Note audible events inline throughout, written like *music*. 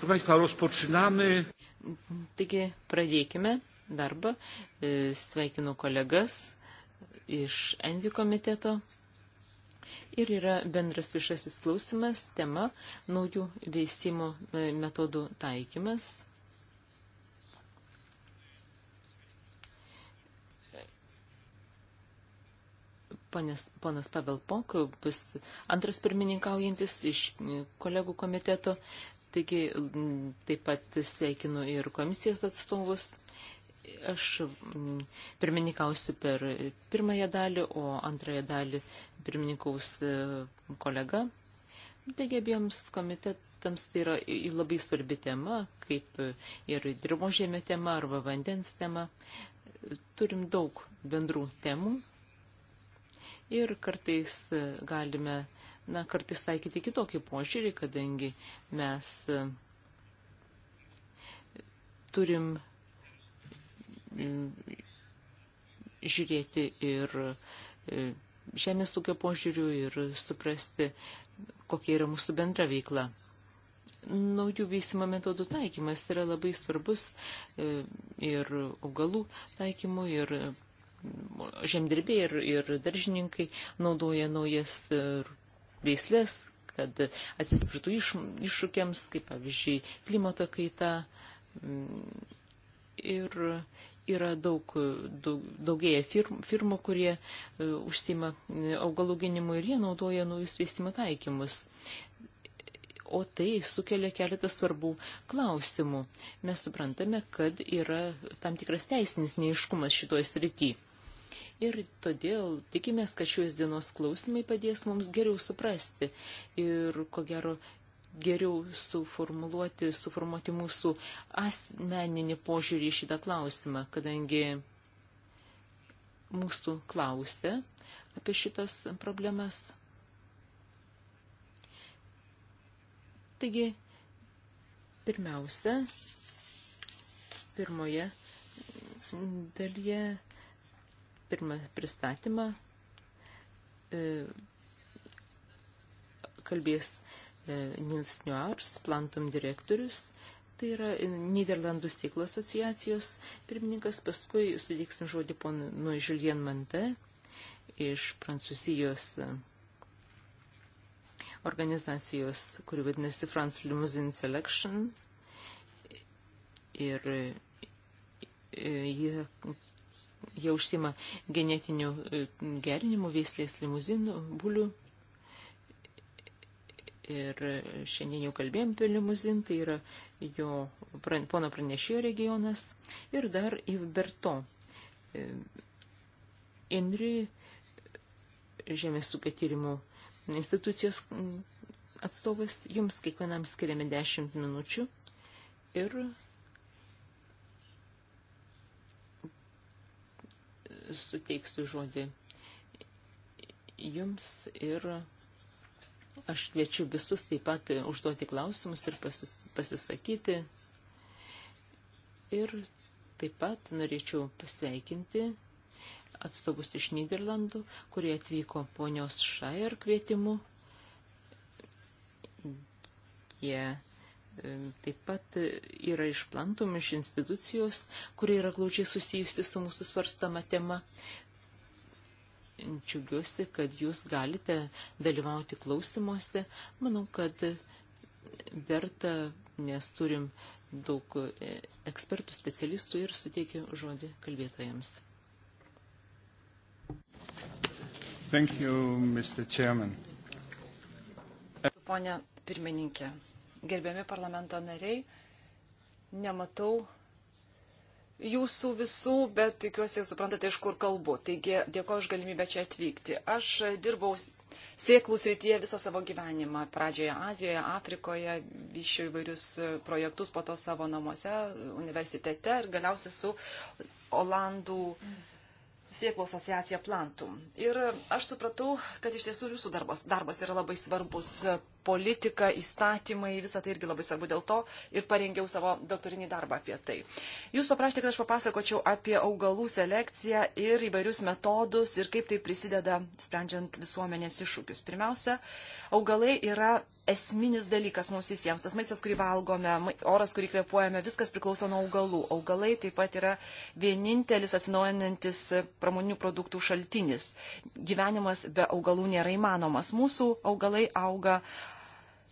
Proszę Państwa, rozpoczynamy. Taigi pradėkime darbą. E, sveikinu kolegas iš Endi komiteto. Ir yra bendras viešasis klausimas, tema naujų veisimo e, metodų taikymas. Ponas, ponas Pavel Pok bus antras pirmininkaujantis iš e, kolegų komiteto. Taigi taip pat sveikinu ir komisijos atstovus. Aš pirmininkausiu per pirmąją dalį, o antrąją dalį pirmininkaus e, kolega. Taigi abiems komitetams tai yra labai svarbi tema, kaip ir dirbožėmė tema arba vandens tema. Turim daug bendrų temų ir kartais e, galime uh, na, kartais taikyti kitokį požiūrį, kadangi mes e, turim e, žiūrėti ir e, žemės ūkio požiūrių ir suprasti, kokia yra mūsų bendra veikla. Naujų veisimo metodų taikymas yra labai svarbus ir augalų taikymu, ir žemdirbiai, ir, ir daržininkai naudoja naujas veislės, kad atsispirtų iš, iššūkiams, kaip pavyzdžiui, klimato kaita. Mm, ir yra daug, daug, daugėja firm, firmų, kurie e, užsima e, augalų ginimu ir jie naudoja naujus veisimo taikymus. O tai sukelia keletą svarbų klausimų. Mes suprantame, kad yra tam tikras teisinis neiškumas šitoje srityje Ir todėl tikimės, kad šios dienos klausimai padės mums geriau suprasti ir, ko gero, geriau suformuluoti, suformuoti mūsų asmeninį požiūrį į šitą klausimą, kadangi mūsų klausė apie šitas problemas. Taigi, pirmiausia, pirmoje dalyje pirmą pristatymą e, kalbės e, Nils Nuars, Plantum direktorius, tai yra Niderlandų stiklo asociacijos pirmininkas, paskui sudėksim žodį ponui Julien Mante iš Prancūzijos e, organizacijos, kuri vadinasi France Limousine Selection ir jie jie užsima genetinių e, gerinimų, veislės limuzinų, bulių. Ir šiandien jau kalbėjom apie limuzin, tai yra jo pono pranešėjo regionas. Ir dar į Berto. Enri Žemės ūkio tyrimų institucijos atstovas, jums kiekvienam skiriame 10 minučių ir suteiksiu žodį jums ir aš kviečiu visus taip pat užduoti klausimus ir pasis, pasisakyti. Ir taip pat norėčiau pasveikinti atstovus iš Niderlandų, kurie atvyko ponios Šair kvietimu. Jie Taip pat yra išplantomi iš institucijos, kurie yra glaučiai susijusi su mūsų svarstama tema. Džiugiuosi, kad jūs galite dalyvauti klausimuose. Manau, kad verta, nes turim daug e, ekspertų, specialistų ir suteikiu žodį kalbėtojams. Thank you, Mr. Chairman. Pone pirmininkė, gerbiami parlamento nariai, nematau jūsų visų, bet tikiuosi, suprantate, iš kur kalbu. Taigi dėkoju už galimybę čia atvykti. Aš dirbau sėklų srityje visą savo gyvenimą. Pradžioje Azijoje, Afrikoje, vyščiau įvairius projektus, po to savo namuose, universitete ir galiausiai su Olandų. Mm sieklų asociacija Plantum. Ir aš supratau, kad iš tiesų jūsų darbas, darbas yra labai svarbus. Politika, įstatymai, visa tai irgi labai svarbu dėl to ir parengiau savo doktorinį darbą apie tai. Jūs paprašėte, kad aš papasakočiau apie augalų selekciją ir įvairius metodus ir kaip tai prisideda sprendžiant visuomenės iššūkius. Pirmiausia, augalai yra esminis dalykas mums visiems. Tas maistas, kurį valgome, oras, kurį kvepuojame, viskas priklauso nuo augalų. Augalai taip pat yra vienintelis atsinaujantis pramoninių produktų šaltinis. Gyvenimas be augalų nėra įmanomas. Mūsų augalai auga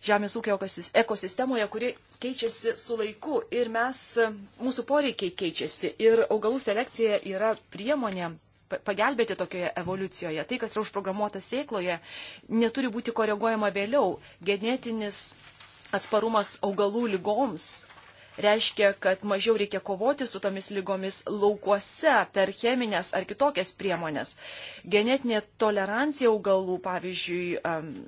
žemės ūkio ekosistemoje, kuri keičiasi su laiku ir mes, mūsų poreikiai keičiasi ir augalų selekcija yra priemonė pagelbėti tokioje evoliucijoje. Tai, kas yra užprogramuota sėkloje, neturi būti koreguojama vėliau. Genetinis atsparumas augalų lygoms reiškia, kad mažiau reikia kovoti su tomis lygomis laukuose per cheminės ar kitokias priemonės. Genetinė tolerancija augalų, pavyzdžiui,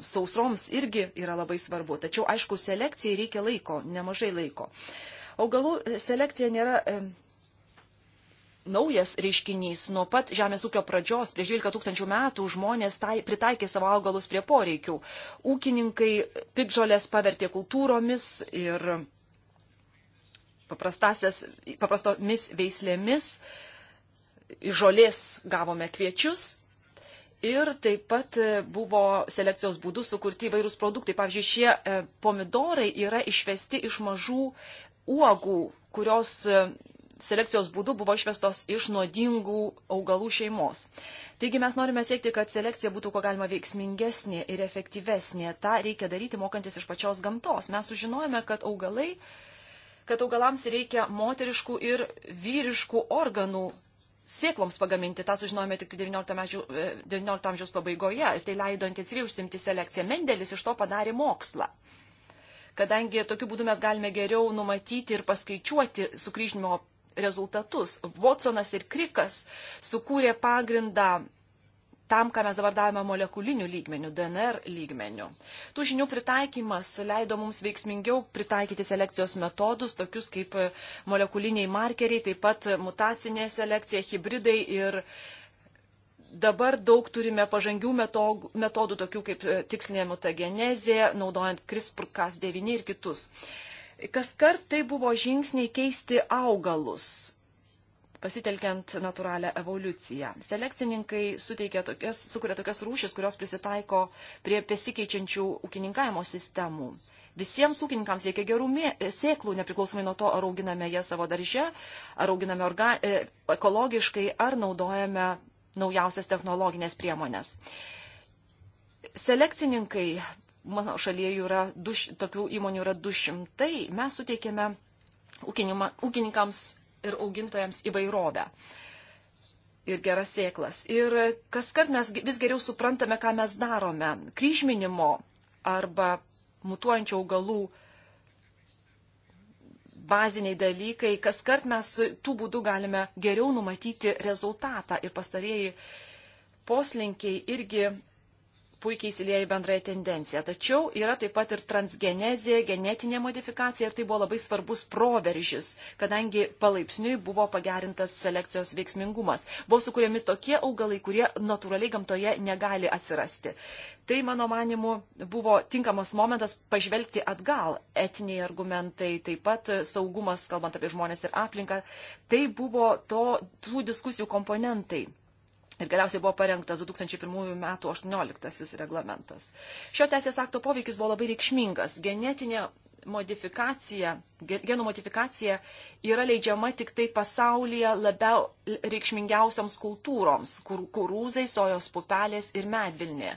sausroms irgi yra labai svarbu, tačiau aišku, selekcijai reikia laiko, nemažai laiko. Augalų selekcija nėra naujas reiškinys. Nuo pat žemės ūkio pradžios, prieš 12 tūkstančių metų, žmonės tai, pritaikė savo augalus prie poreikių. Ūkininkai pikžolės pavertė kultūromis ir paprastomis veislėmis iš žolės gavome kviečius. Ir taip pat e, buvo selekcijos būdų sukurti įvairūs produktai. Pavyzdžiui, šie e, pomidorai yra išvesti iš mažų uogų, kurios e, selekcijos būdu buvo išvestos iš nuodingų augalų šeimos. Taigi mes norime siekti, kad selekcija būtų kuo galima veiksmingesnė ir efektyvesnė. Ta reikia daryti mokantis iš pačios gamtos. Mes sužinojame, kad augalai kad augalams reikia moteriškų ir vyriškų organų sėkloms pagaminti. Ta sužinojome tik 19, 19 e, amžiaus pabaigoje. Ir tai leido intensyviai užsimti selekciją. Mendelis iš to padarė mokslą. Kadangi tokiu būdu mes galime geriau numatyti ir paskaičiuoti sukryžinimo rezultatus. Watsonas ir Krikas sukūrė pagrindą tam, ką mes dabar davėme molekuliniu lygmeniu, DNR lygmeniu. Tų žinių pritaikymas leido mums veiksmingiau pritaikyti selekcijos metodus, tokius kaip molekuliniai markeriai, taip pat mutacinė selekcija, hybridai ir dabar daug turime pažangių metodų, metodų tokių kaip tikslinė mutagenezė, naudojant CRISPR-Cas9 ir kitus. Kas kart tai buvo žingsniai keisti augalus pasitelkiant natūralią evoliuciją. Selekcininkai tokias, sukuria tokias rūšis, kurios prisitaiko prie besikeičiančių ūkininkavimo sistemų. Visiems ūkininkams reikia gerų sėklų, nepriklausomai nuo to, ar auginame jas savo darže, ar auginame orga, e, ekologiškai, ar naudojame naujausias technologinės priemonės. Selekcininkai, mano šalyje yra, duš, tokių įmonių yra 200, mes suteikėme ūkininkams ir augintojams įvairovę ir geras sėklas. Ir kas kart mes vis geriau suprantame, ką mes darome. Kryžminimo arba mutuojančių augalų baziniai dalykai, kas kart mes tų būdų galime geriau numatyti rezultatą ir pastarėjai poslinkiai irgi puikiai įsilieja į bendrąją tendenciją. Tačiau yra taip pat ir transgenezė, genetinė modifikacija ir tai buvo labai svarbus proveržis, kadangi palaipsniui buvo pagerintas selekcijos veiksmingumas. Buvo sukūrėmi tokie augalai, kurie natūraliai gamtoje negali atsirasti. Tai, mano manimu, buvo tinkamas momentas pažvelgti atgal. Etiniai argumentai, taip pat saugumas, kalbant apie žmonės ir aplinką, tai buvo to, tų diskusijų komponentai Ir galiausiai buvo parengtas 2001 m. 18 reglamentas. Šio teisės akto poveikis buvo labai reikšmingas. Genetinė modifikacija, genų modifikacija yra leidžiama tik tai pasaulyje labiau reikšmingiausioms kultūroms, kur, kurūzai, sojos pupelės ir medvilnė.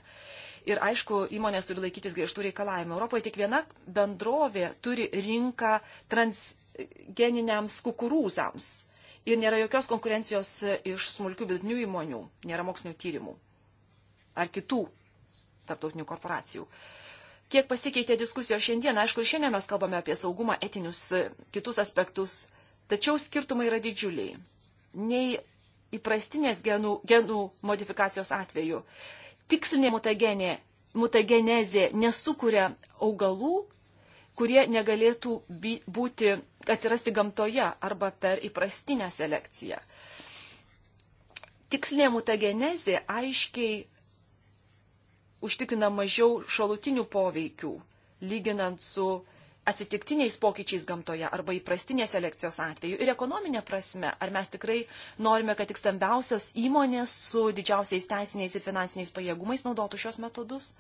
Ir aišku, įmonės turi laikytis griežtų reikalavimų. Europoje tik viena bendrovė turi rinką transgeniniams kukurūzams ir nėra jokios konkurencijos e, iš smulkių vidutinių įmonių, nėra mokslinių tyrimų ar kitų tarptautinių korporacijų. Kiek pasikeitė diskusijos šiandien, aišku, ir šiandien mes kalbame apie saugumą, etinius e, kitus aspektus, tačiau skirtumai yra didžiuliai. Nei įprastinės genų, genų modifikacijos atveju tikslinė mutagenė, mutagenezė nesukuria augalų, kurie negalėtų būti, atsirasti gamtoje arba per įprastinę selekciją. Tikslinė mutagenezė aiškiai užtikrina mažiau šalutinių poveikių, lyginant su atsitiktiniais pokyčiais gamtoje arba įprastinės selekcijos atveju ir ekonominė prasme, ar mes tikrai norime, kad tik stambiausios įmonės su didžiausiais teisiniais ir finansiniais pajėgumais naudotų šios metodus?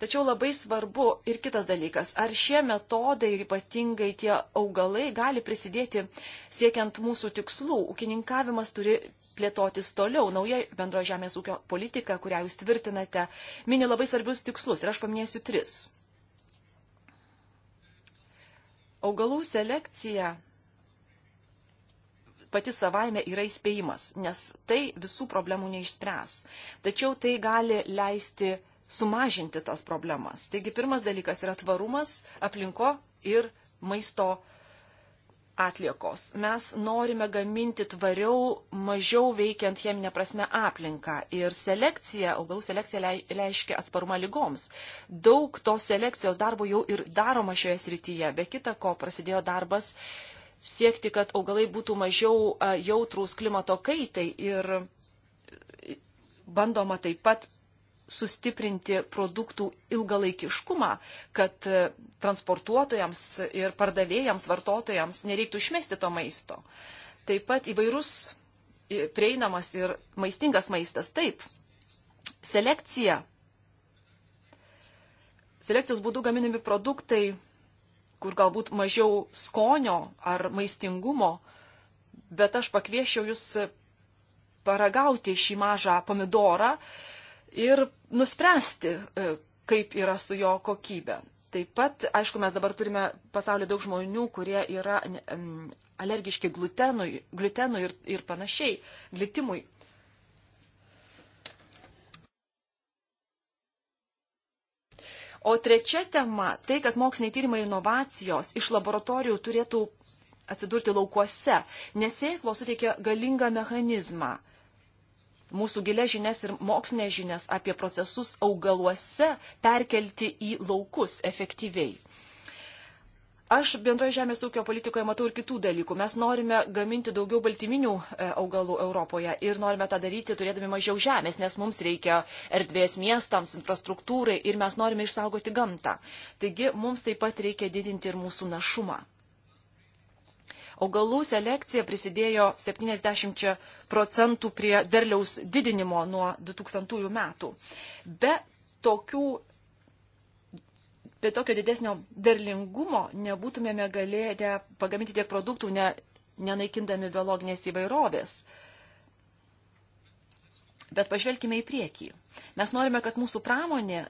Tačiau labai svarbu ir kitas dalykas, ar šie metodai ir ypatingai tie augalai gali prisidėti siekiant mūsų tikslų. Ūkininkavimas turi plėtotis toliau. Nauja bendro žemės ūkio politika, kurią jūs tvirtinate, mini labai svarbius tikslus ir aš paminėsiu tris. Augalų selekcija pati savaime yra įspėjimas, nes tai visų problemų neišspręs. Tačiau tai gali leisti sumažinti tas problemas. Taigi pirmas dalykas yra tvarumas, aplinko ir maisto atliekos. Mes norime gaminti tvariau, mažiau veikiant cheminę prasme aplinką. Ir selekcija, augalų selekcija reiškia atsparumą lygoms. Daug tos selekcijos darbo jau ir daroma šioje srityje. Be kita ko prasidėjo darbas siekti, kad augalai būtų mažiau jautrūs klimato kaitai ir bandoma taip pat sustiprinti produktų ilgalaikiškumą, kad e, transportuotojams ir pardavėjams, vartotojams nereiktų išmesti to maisto. Taip pat įvairus e, prieinamas ir maistingas maistas. Taip, selekcija. Selekcijos būdų gaminami produktai, kur galbūt mažiau skonio ar maistingumo, bet aš pakviešiau jūs paragauti šį mažą pomidorą, ir nuspręsti, e, kaip yra su jo kokybė. Taip pat, aišku, mes dabar turime pasaulyje daug žmonių, kurie yra alergiški glutenui, glutenui ir, ir panašiai, glitimui. O trečia tema - tai, kad moksliniai tyrimai ir inovacijos iš laboratorijų turėtų atsidurti laukuose, nes sėklos suteikia galingą mechanizmą mūsų gilės žinias ir mokslinės žinias apie procesus augaluose perkelti į laukus efektyviai. Aš bendroje žemės ūkio politikoje matau ir kitų dalykų. Mes norime gaminti daugiau baltyminių e, augalų Europoje ir norime tą daryti turėdami mažiau žemės, nes mums reikia erdvės miestams, infrastruktūrai ir mes norime išsaugoti gamtą. Taigi mums taip pat reikia didinti ir mūsų našumą augalų selekcija prisidėjo 70 procentų prie derliaus didinimo nuo 2000 metų. Be, tokių, be tokio didesnio derlingumo nebūtumėme galėję pagaminti tiek produktų, ne, nenaikindami biologinės įvairovės. Bet pažvelkime į priekį. Mes norime, kad mūsų pramonė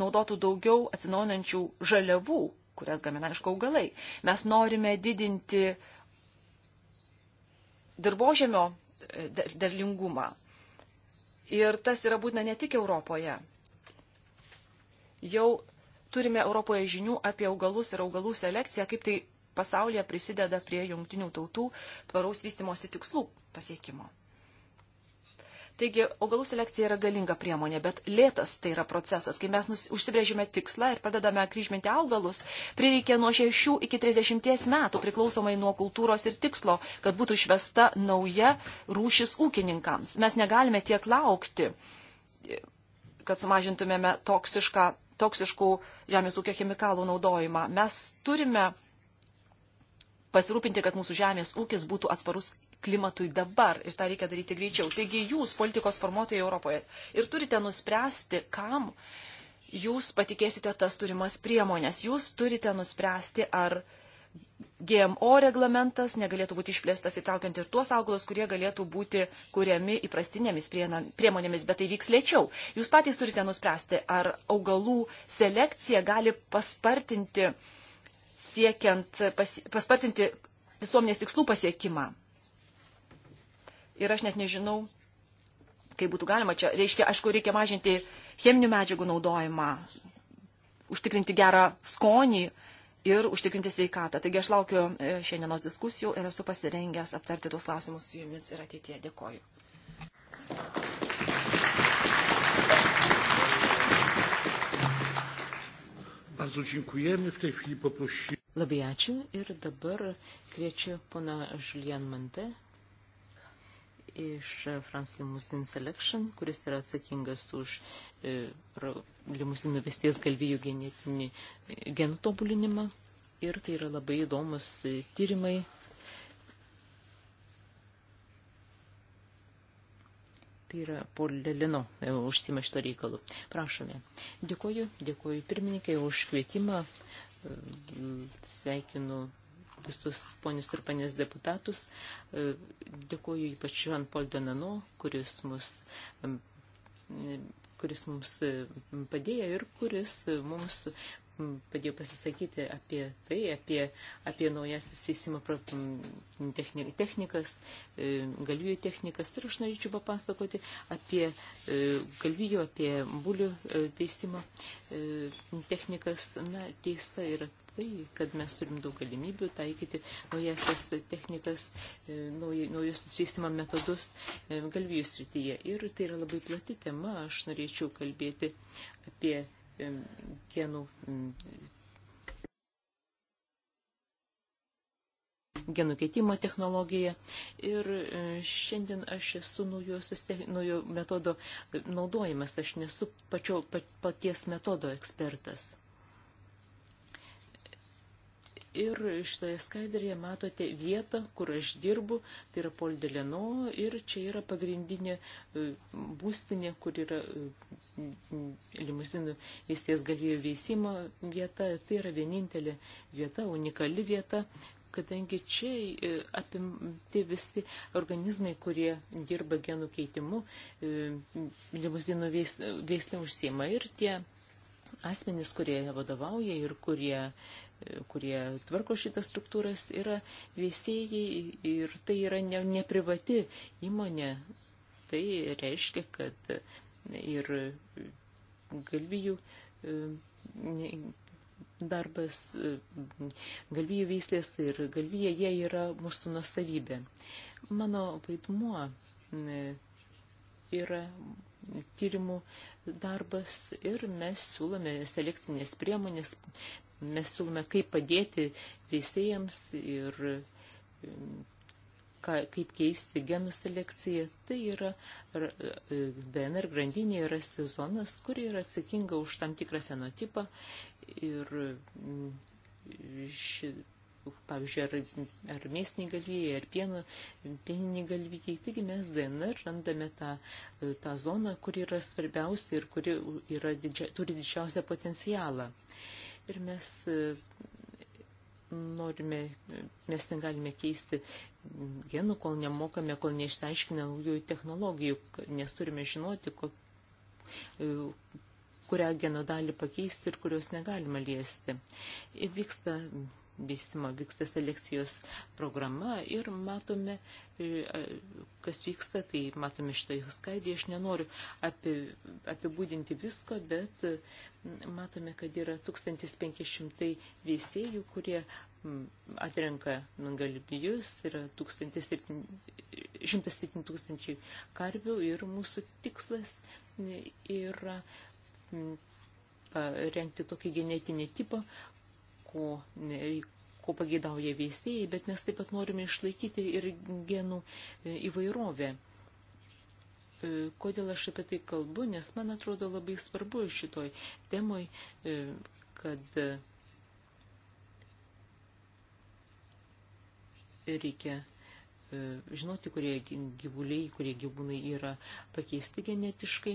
naudotų daugiau atsinaujinančių žaliavų, kurias gamina aišku augalai. Mes norime didinti dirbožėmio e, derlingumą. Ir tas yra būtina ne tik Europoje. Jau turime Europoje žinių apie augalus ir augalų selekciją, kaip tai pasaulyje prisideda prie jungtinių tautų tvaraus vystimosi tikslų pasiekimo. Taigi, augalų selekcija yra galinga priemonė, bet lėtas tai yra procesas. Kai mes užsibrėžime tikslą ir pradedame kryžminti augalus, prireikia nuo 6 iki 30 metų priklausomai nuo kultūros ir tikslo, kad būtų išvesta nauja rūšis ūkininkams. Mes negalime tiek laukti, kad sumažintumėme toksišką, toksiškų žemės ūkio chemikalų naudojimą. Mes turime pasirūpinti, kad mūsų žemės ūkis būtų atsparus klimatui dabar ir tą reikia daryti greičiau. Taigi jūs, politikos formuotojai Europoje, ir turite nuspręsti, kam jūs patikėsite tas turimas priemonės. Jūs turite nuspręsti, ar GMO reglamentas negalėtų būti išplėstas įtraukiant ir tuos augalus, kurie galėtų būti kuriami įprastinėmis priemonėmis, bet tai vyks lėčiau. Jūs patys turite nuspręsti, ar augalų selekcija gali paspartinti siekiant, pas, paspartinti visuomenės tikslų pasiekimą ir aš net nežinau, kaip būtų galima čia. Reiškia, aišku, reikia mažinti cheminių medžiagų naudojimą, užtikrinti gerą skonį ir užtikrinti sveikatą. Taigi aš laukiu e, šiandienos diskusijų ir esu pasirengęs aptarti tuos klausimus su jumis ir ateitie. Dėkoju. Labai ačiū ir dabar kviečiu pana Žlien Mante iš France Limousine Selection, kuris yra atsakingas už e, limusinų vesties galvijų genetinį e, genų tobulinimą. Ir tai yra labai įdomus e, tyrimai. Tai yra Polelino e, užsima šito reikalu. Prašome. Dėkoju, dėkoju pirmininkai už kvietimą. Sveikinu visus ponius ir panės deputatus. E, dėkuoju ypač Jean Paul Donano, kuris mus e, kuris mums e, padėjo ir kuris mums padėjo pasisakyti apie tai, apie, apie naujasis teisimo technikas, galvijų technikas. Ir aš norėčiau papasakoti apie galvijų, apie bulių teisimo technikas. Na, teista yra tai, kad mes turim daug galimybių taikyti naujasias technikas, e, naujosius veisimo metodus e, galvijų srityje. Ir tai yra labai plati tema. Aš norėčiau kalbėti apie e, genų mm, genų keitimo technologiją. Ir šiandien aš esu naujosios naujo metodo naudojimas, aš nesu pačio, paties metodo ekspertas. Ir šitoje skaidrėje matote vietą, kur aš dirbu, tai yra Poldeleno ir čia yra pagrindinė e, būstinė, kur yra e, limuzinų įsties galėjo veisimo vieta. Tai yra vienintelė vieta, unikali vieta, kadangi čia e, apimti visi organizmai, kurie dirba genų keitimu, limuzinų veislė užsiema ir tie asmenys, kurie vadovauja ir kurie kurie tvarko šitas struktūras, yra veisėjai ir tai yra neprivati ne, ne įmonė. Tai reiškia, kad ir galvijų e, darbas, e, galvijų veislės ir galvija, jie yra mūsų nuosavybė. Mano vaidmuo e, yra tyrimų darbas ir mes siūlome selekcinės priemonės, mes siūlome, kaip padėti veisėjams ir um, ka, kaip keisti genų selekciją. Tai yra DNR e, grandinė yra sezonas, kuri yra atsakinga už tam tikrą fenotipą ir mm, ši, pavyzdžiui, ar, ar mėsiniai galvijai, ar pieno, pieniniai galvijai. Taigi mes DNR randame tą, e, tą zoną, kuri yra svarbiausia ir kuri yra didžia, turi didžiausią potencialą. Uh, ir mes e, norime, mes negalime keisti genų, kol nemokame, kol neišsiaiškinę naujųjų technologijų, nes turime žinoti, ko, e, kurią geno dalį pakeisti ir kurios negalima liesti. Vyksta vystimo vyksta selekcijos programa ir matome, e, e, kas vyksta, tai matome šitą skaidį. Aš nenoriu apibūdinti visko, bet matome, kad yra 1500 veisėjų, kurie atrenka galibijus, yra 107 tūkstančiai karvių ir mūsų tikslas yra rengti tokį genetinį tipą, ko, ko pageidauja veisėjai, bet mes taip pat norime išlaikyti ir genų e, įvairovę. E, kodėl aš apie tai kalbu, nes man atrodo labai svarbu šitoj temoj, e, kad reikia žinoti, kurie gyvuliai, kurie gyvūnai yra pakeisti genetiškai,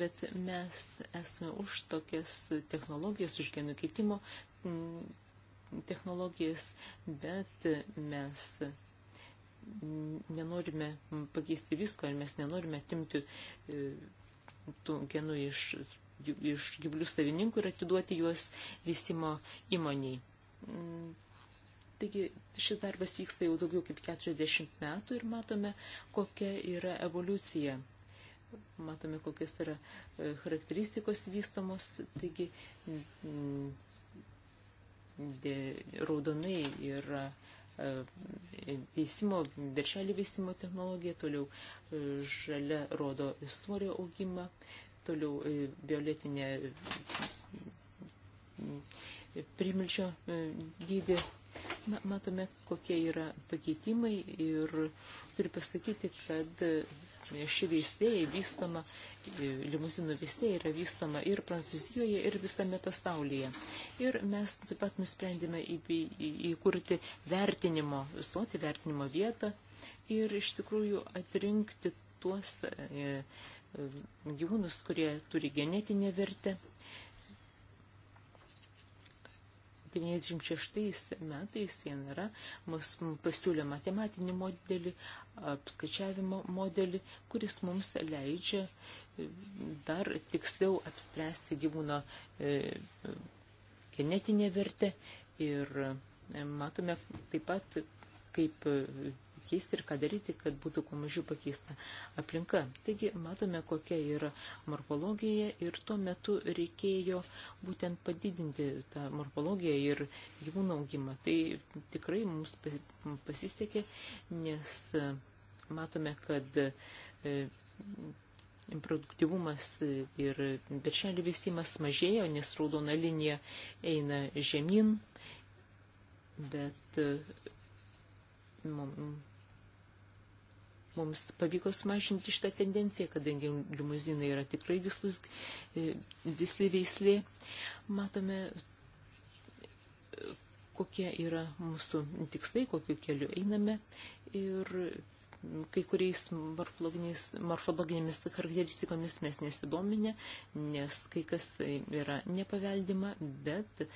bet mes esame už tokias technologijas, už genų keitimo Mm, technologijas, bet mes nenorime pakeisti visko ir mes nenorime atimti e, tų genų iš, iš gyvulių savininkų ir atiduoti juos visimo įmoniai. Mm, taigi šis darbas vyksta jau daugiau kaip 40 metų ir matome, kokia yra evoliucija. Matome, kokios yra e, charakteristikos vystomos. Taigi mm, raudonai yra e, veisimo, viršelį veisimo technologiją, toliau e, žalia rodo svorio augimą, toliau e, violetinė primilčio dydį. Na, matome, kokie yra pakeitimai ir turiu pasakyti, kad ši veisėja vystoma, e, limuzinų veisėja yra vystoma ir Prancūzijoje, ir visame pasaulyje. Ir mes taip pat nusprendėme įkurti vertinimo, stoti vertinimo vietą ir iš tikrųjų atrinkti tuos e, e, gyvūnus, kurie turi genetinę vertę. 96 metais Jenara mus pasiūlė matematinį modelį, apskaičiavimo modelį, kuris mums leidžia dar tiksliau apspręsti gyvūno e, genetinę vertę ir e, matome taip pat, kaip pakeisti ir ką daryti, kad būtų kuo mažiau pakeista aplinka. Taigi matome, kokia yra morfologija ir tuo metu reikėjo būtent padidinti tą morfologiją ir gyvūnų augimą. Tai tikrai mums pasisekė, nes e, matome, kad e, produktivumas ir viršelį vystimas mažėjo, nes raudona linija eina žemyn, bet e, Mums pavyko sumažinti šitą tendenciją, kadangi limuzinai yra tikrai vislus, e, visli veislė. Matome, kokie yra mūsų tikslai, kokiu keliu einame ir kai kuriais morfologinėmis charakteristikomis mes nesidominė, nes kai kas yra nepaveldima, bet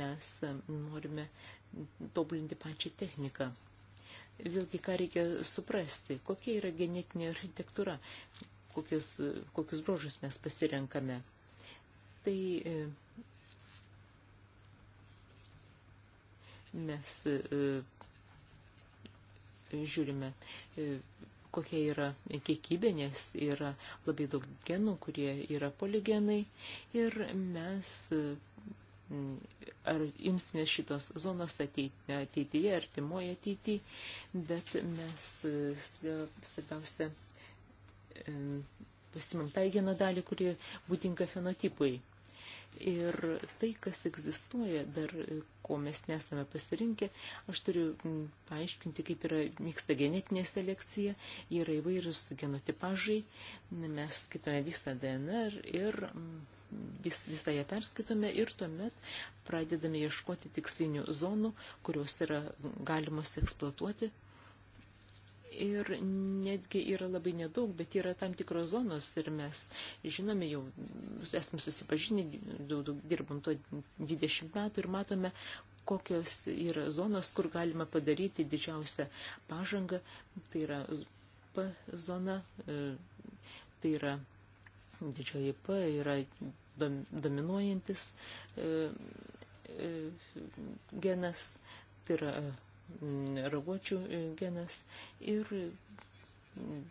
mes norime tobulinti pačią techniką vėlgi ką reikia suprasti, kokia yra genetinė architektūra, kokius, kokius brožus mes pasirenkame. Tai e, mes e, žiūrime, e, kokia yra kiekybė, nes yra labai daug genų, kurie yra poligenai ir mes Mm, ar imsimės šitos zonos ateityje, artimoje ateityje, bet mes e, svarbiausia pasimam tą geno dalį, kuri būdinga fenotipui. Ir tai, kas egzistuoja, dar e, ko mes nesame pasirinkę, aš turiu paaiškinti, kaip yra vyksta genetinė selekcija, yra įvairūs genotipažai, mes skaitome visą DNR ir vis, visą ją perskaitome ir tuomet pradedame ieškoti tikslinių zonų, kurios yra galimos eksploatuoti. Ir netgi yra labai nedaug, bet yra tam tikros zonos ir mes žinome jau, esame susipažinę, daug, daug dirbam to 20 metų ir matome, kokios yra zonos, kur galima padaryti didžiausią pažangą. Tai yra P zona, e, tai yra didžioji P yra dominuojantis e, e, genas, tai yra e, raguočių genas ir mm,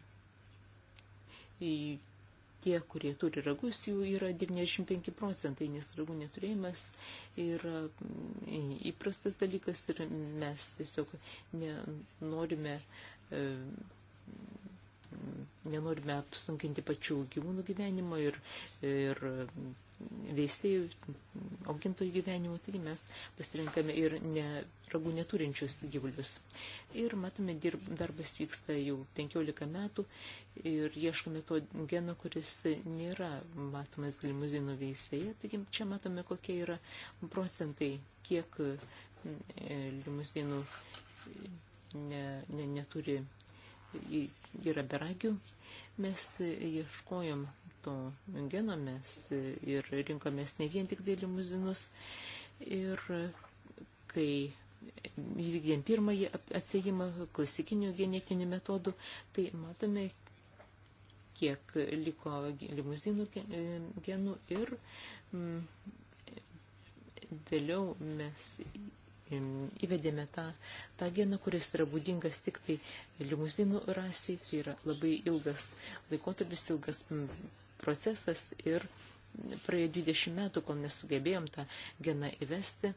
tie, kurie turi ragus, jų yra 95 procentai, nes ragų neturėjimas yra mm, įprastas dalykas ir mes tiesiog nenorime nenorime apsunkinti pačių gyvūnų gyvenimo ir, ir veisėjų, augintojų gyvenimo, taigi mes pasirinkame ir ne, ragų neturinčius gyvulius. Ir matome, dirb, darbas vyksta jau 15 metų ir ieškome to geno, kuris nėra matomas glimuzinų veisėje, taigi čia matome, kokie yra procentai, kiek e, limuzinų ne, ne, neturi yra beragių. Mes ieškojom to geno, mes ir rinkomės ne vien tik dėl limuzinus. Ir kai įvykdėm pirmąjį atsėjimą klasikinių genetinių metodų, tai matome, kiek liko limuzinų e, genų ir mm, vėliau mes įvedėme tą, tą geną, kuris yra būdingas tik tai limuzinų rasiai, tai yra labai ilgas laikotarpis, ilgas procesas ir praėjo 20 metų, kol nesugebėjom tą geną įvesti.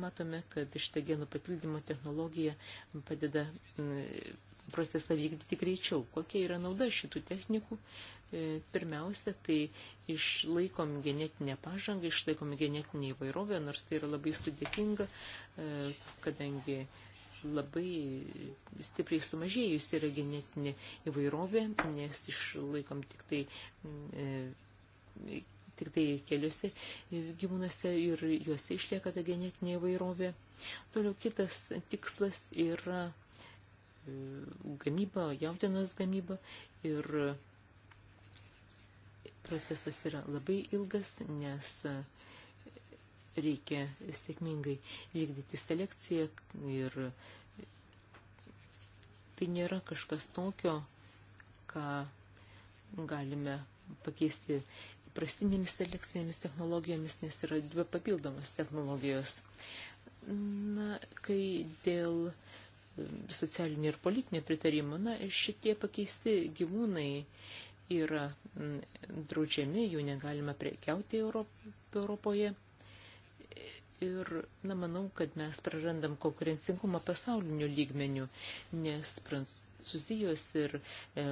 Matome, kad šitą genų papildymo technologiją padeda procesą vykdyti greičiau. Kokia yra nauda šitų technikų? E, pirmiausia, tai išlaikom genetinę pažangą, išlaikom genetinį įvairovę, nors tai yra labai sudėtinga, e, kadangi labai stipriai sumažėjus yra genetinė įvairovė, nes išlaikom tik tai, e, tik tai keliuose gyvūnuose ir juose išlieka ta genetinė įvairovė. Toliau kitas tikslas yra gamyba, jautienos gamyba ir procesas yra labai ilgas, nes e, reikia sėkmingai vykdyti selekciją ir tai nėra kažkas tokio, ką galime pakeisti prastinėmis selekcinėmis technologijomis, nes yra dvi papildomas technologijos. Na, kai dėl e, socialinio ir politinio pritarimo, na, šitie pakeisti gyvūnai yra mm, draudžiami, jų negalima prekiauti Europoje. Ir, na, manau, kad mes prarandam konkurencingumą pasauliniu lygmeniu, nes Prancūzijos ir e,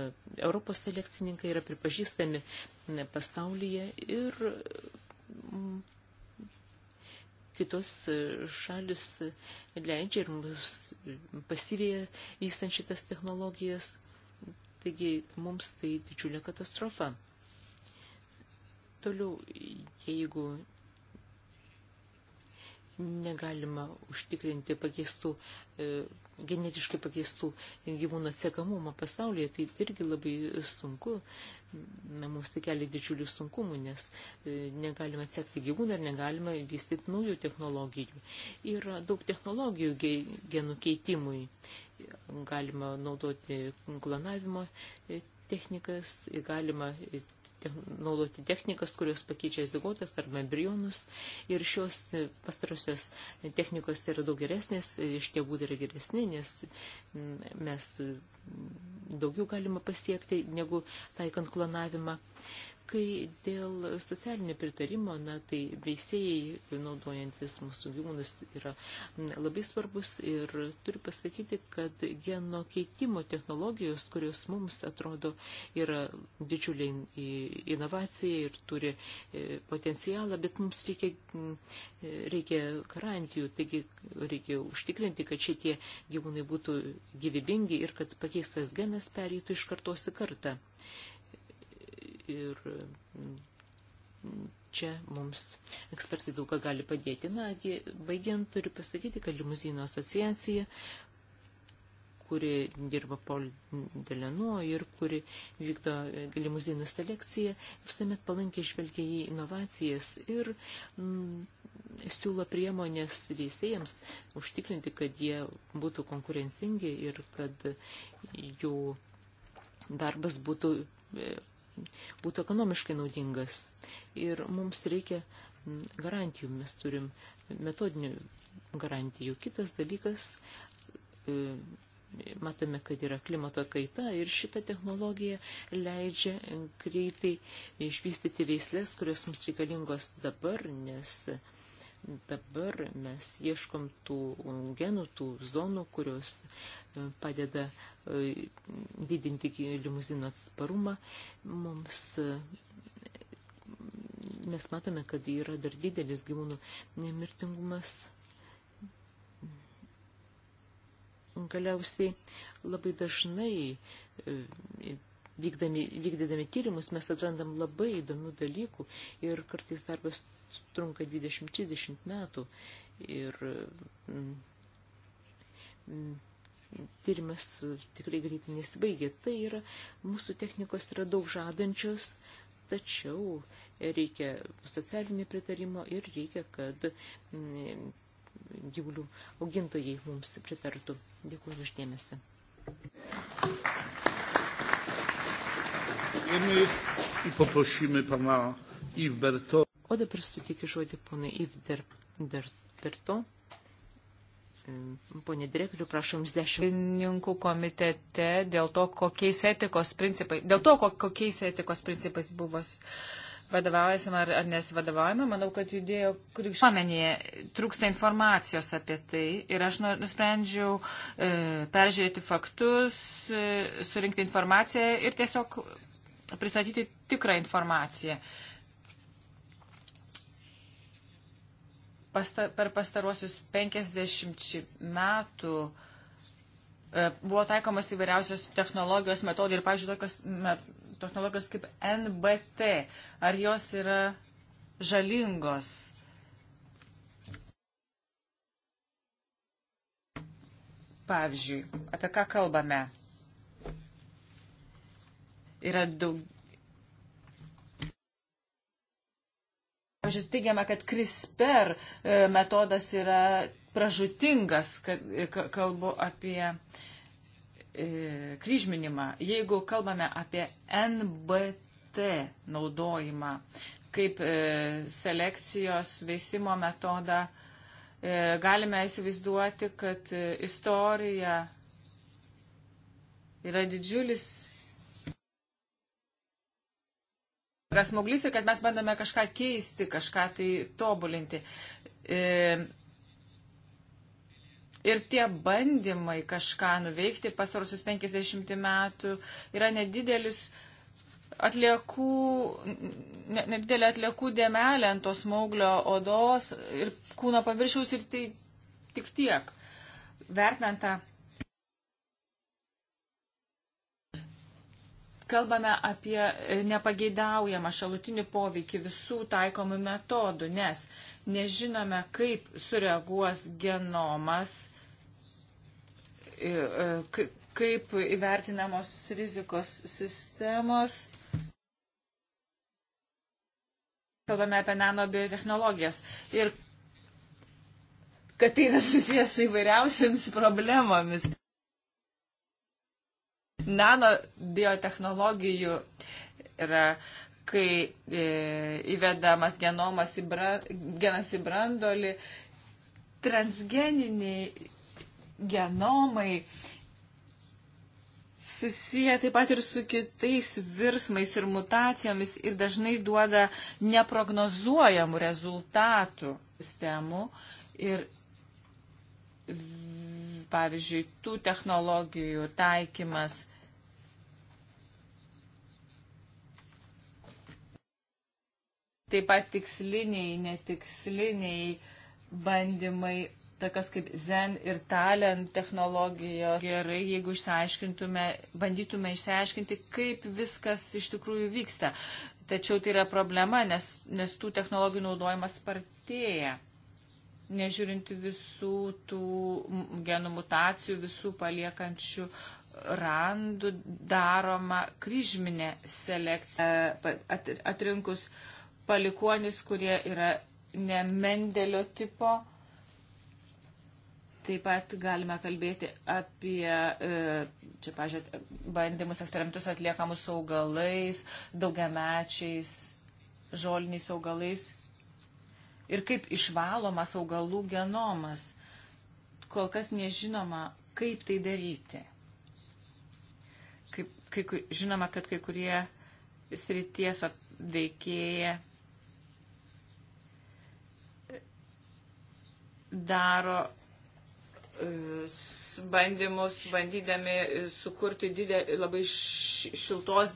Europos selekcininkai yra pripažįstami ne, pasaulyje ir mm, kitos šalis leidžia ir mus pasivyja įsant šitas technologijas. Taigi mums tai didžiulė katastrofa. Toliau, jeigu negalima užtikrinti pakeistų, e, genetiškai pakeistų gyvūnų atsekamumą pasaulyje, tai irgi labai sunku, mums tai kelia didžiulių sunkumų, nes e, negalima atsekti gyvūną ir negalima vystyti naujų technologijų. Yra daug technologijų genų keitimui galima naudoti planavimo e, technikas, e, galima e, naudoti technikas, kurios pakeičia zigotas arba embrionus. Ir šios pastarosios technikos yra daug geresnės, iš tėvų yra geresnė, nes mm, mes mm, daugiau galima pasiekti, negu taikant klonavimą. Kai dėl socialinio pritarimo, na, tai veisėjai, naudojantis mūsų gyvūnus, yra labai svarbus ir turiu pasakyti, kad geno keitimo technologijos, kurios mums atrodo yra didžiulė inovacija ir turi e, potencialą, bet mums reikia, e, reikia garantijų, taigi reikia užtikrinti, kad šitie gyvūnai būtų gyvybingi ir kad pakeistas genas pereitų iš kartos į kartą ir mm, čia mums ekspertai daug ką gali padėti. Na, baigiant turiu pasakyti, kad limuzino asociacija, kuri dirba Paul Delenu ir kuri vykdo limuzinų selekciją, visuomet palankiai žvelgia į inovacijas ir mm, siūlo priemonės teisėjams užtikrinti, kad jie būtų konkurencingi ir kad jų darbas būtų e, būtų ekonomiškai naudingas. Ir mums reikia garantijų, mes turim metodinių garantijų. Kitas dalykas, e, matome, kad yra klimato kaita ir šita technologija leidžia greitai išvystyti veislės, kurios mums reikalingos dabar, nes Dabar mes ieškom tų genų, tų zonų, kurios e, padeda e, didinti limuzino atsparumą. Mums e, mes matome, kad yra dar didelis gyvūnų nemirtingumas. Galiausiai labai dažnai vykdami, vykdydami tyrimus mes atrandam labai įdomių dalykų ir kartais darbas trunka 20-30 metų ir mm, mm, tyrimas tikrai greitai nesibaigia. Tai yra, mūsų technikos yra daug žadančios, tačiau reikia socialinio pritarimo ir reikia, kad mm, gyvulių augintojai mums pritartų. Dėkuoju uždėmesi. Dziękujemy i poprosimy pana Yves Berto. O dabar sutikiu žodį ponui Yves Berto. Pone direktoriu, prašom jums dešimtininkų komitete dėl to, kokiais etikos principais, dėl to, kokiais etikos principais buvo vadovaujama ar, ar nesivadovaujama, manau, kad judėjo krikščiomenėje, trūksta informacijos apie tai ir aš nu-, nusprendžiau e, peržiūrėti faktus, e, surinkti informaciją ir tiesiog pristatyti tikrą informaciją. Pasta, per pastaruosius 50 metų e, buvo taikomas įvairiausios technologijos metodai ir, pažiūrėjau, tokios met, technologijos kaip NBT. Ar jos yra žalingos? Pavyzdžiui, apie ką kalbame? yra daug. Pavyzdžiui, teigiame, kad CRISPR e, metodas yra pražutingas, kad e, kalbu apie e, kryžminimą. Jeigu kalbame apie NBT naudojimą kaip selekcijos veisimo metodą, galime įsivaizduoti, kad istorija yra didžiulis yra smauglys ir kad mes bandome kažką keisti, kažką tai tobulinti. E, ir tie bandymai kažką nuveikti pasarosius 50 metų yra nedidelis atliekų, nedidelė atliekų dėmelė ant tos smauglio odos ir kūno paviršiaus ir tai tik tiek. Vertinant tą kalbame apie e, nepageidaujamą šalutinį poveikį visų taikomų metodų, nes nežinome, kaip sureaguos genomas, e, kaip įvertinamos rizikos sistemos. Kalbame apie nanobiotehnologijas ir kad tai yra susijęs su įvairiausiamis problemomis nano biotehnologijų yra, kai e, įvedamas genomas į, bra, genas į brandolį, transgeniniai genomai susiję taip pat ir su kitais virsmais ir mutacijomis ir dažnai duoda neprognozuojamų rezultatų sistemų. Ir pavyzdžiui, tų technologijų taikymas taip pat tiksliniai, netiksliniai bandymai, tokios kaip Zen ir Talent technologija. Gerai, jeigu išsiaiškintume, bandytume išsiaiškinti, kaip viskas iš tikrųjų vyksta. Tačiau tai yra problema, nes, nes tų technologijų naudojimas spartėja. Nežiūrinti visų tų genų mutacijų, visų paliekančių randų daroma kryžminė selekcija, atrinkus uh, palikuonis, kurie yra ne Mendelio tipo. Taip pat galime kalbėti apie, e, čia, pažiūrėt, bandymus eksperimentus atliekamus augalais, daugiamečiais, žoliniais augalais ir kaip išvalomas augalų genomas. Kol kas nežinoma, kaip tai daryti. Kaip, kai, žinoma, kad kai kurie srities veikėjai daro e, bandymus, bandydami e, sukurti didelį, labai šiltos,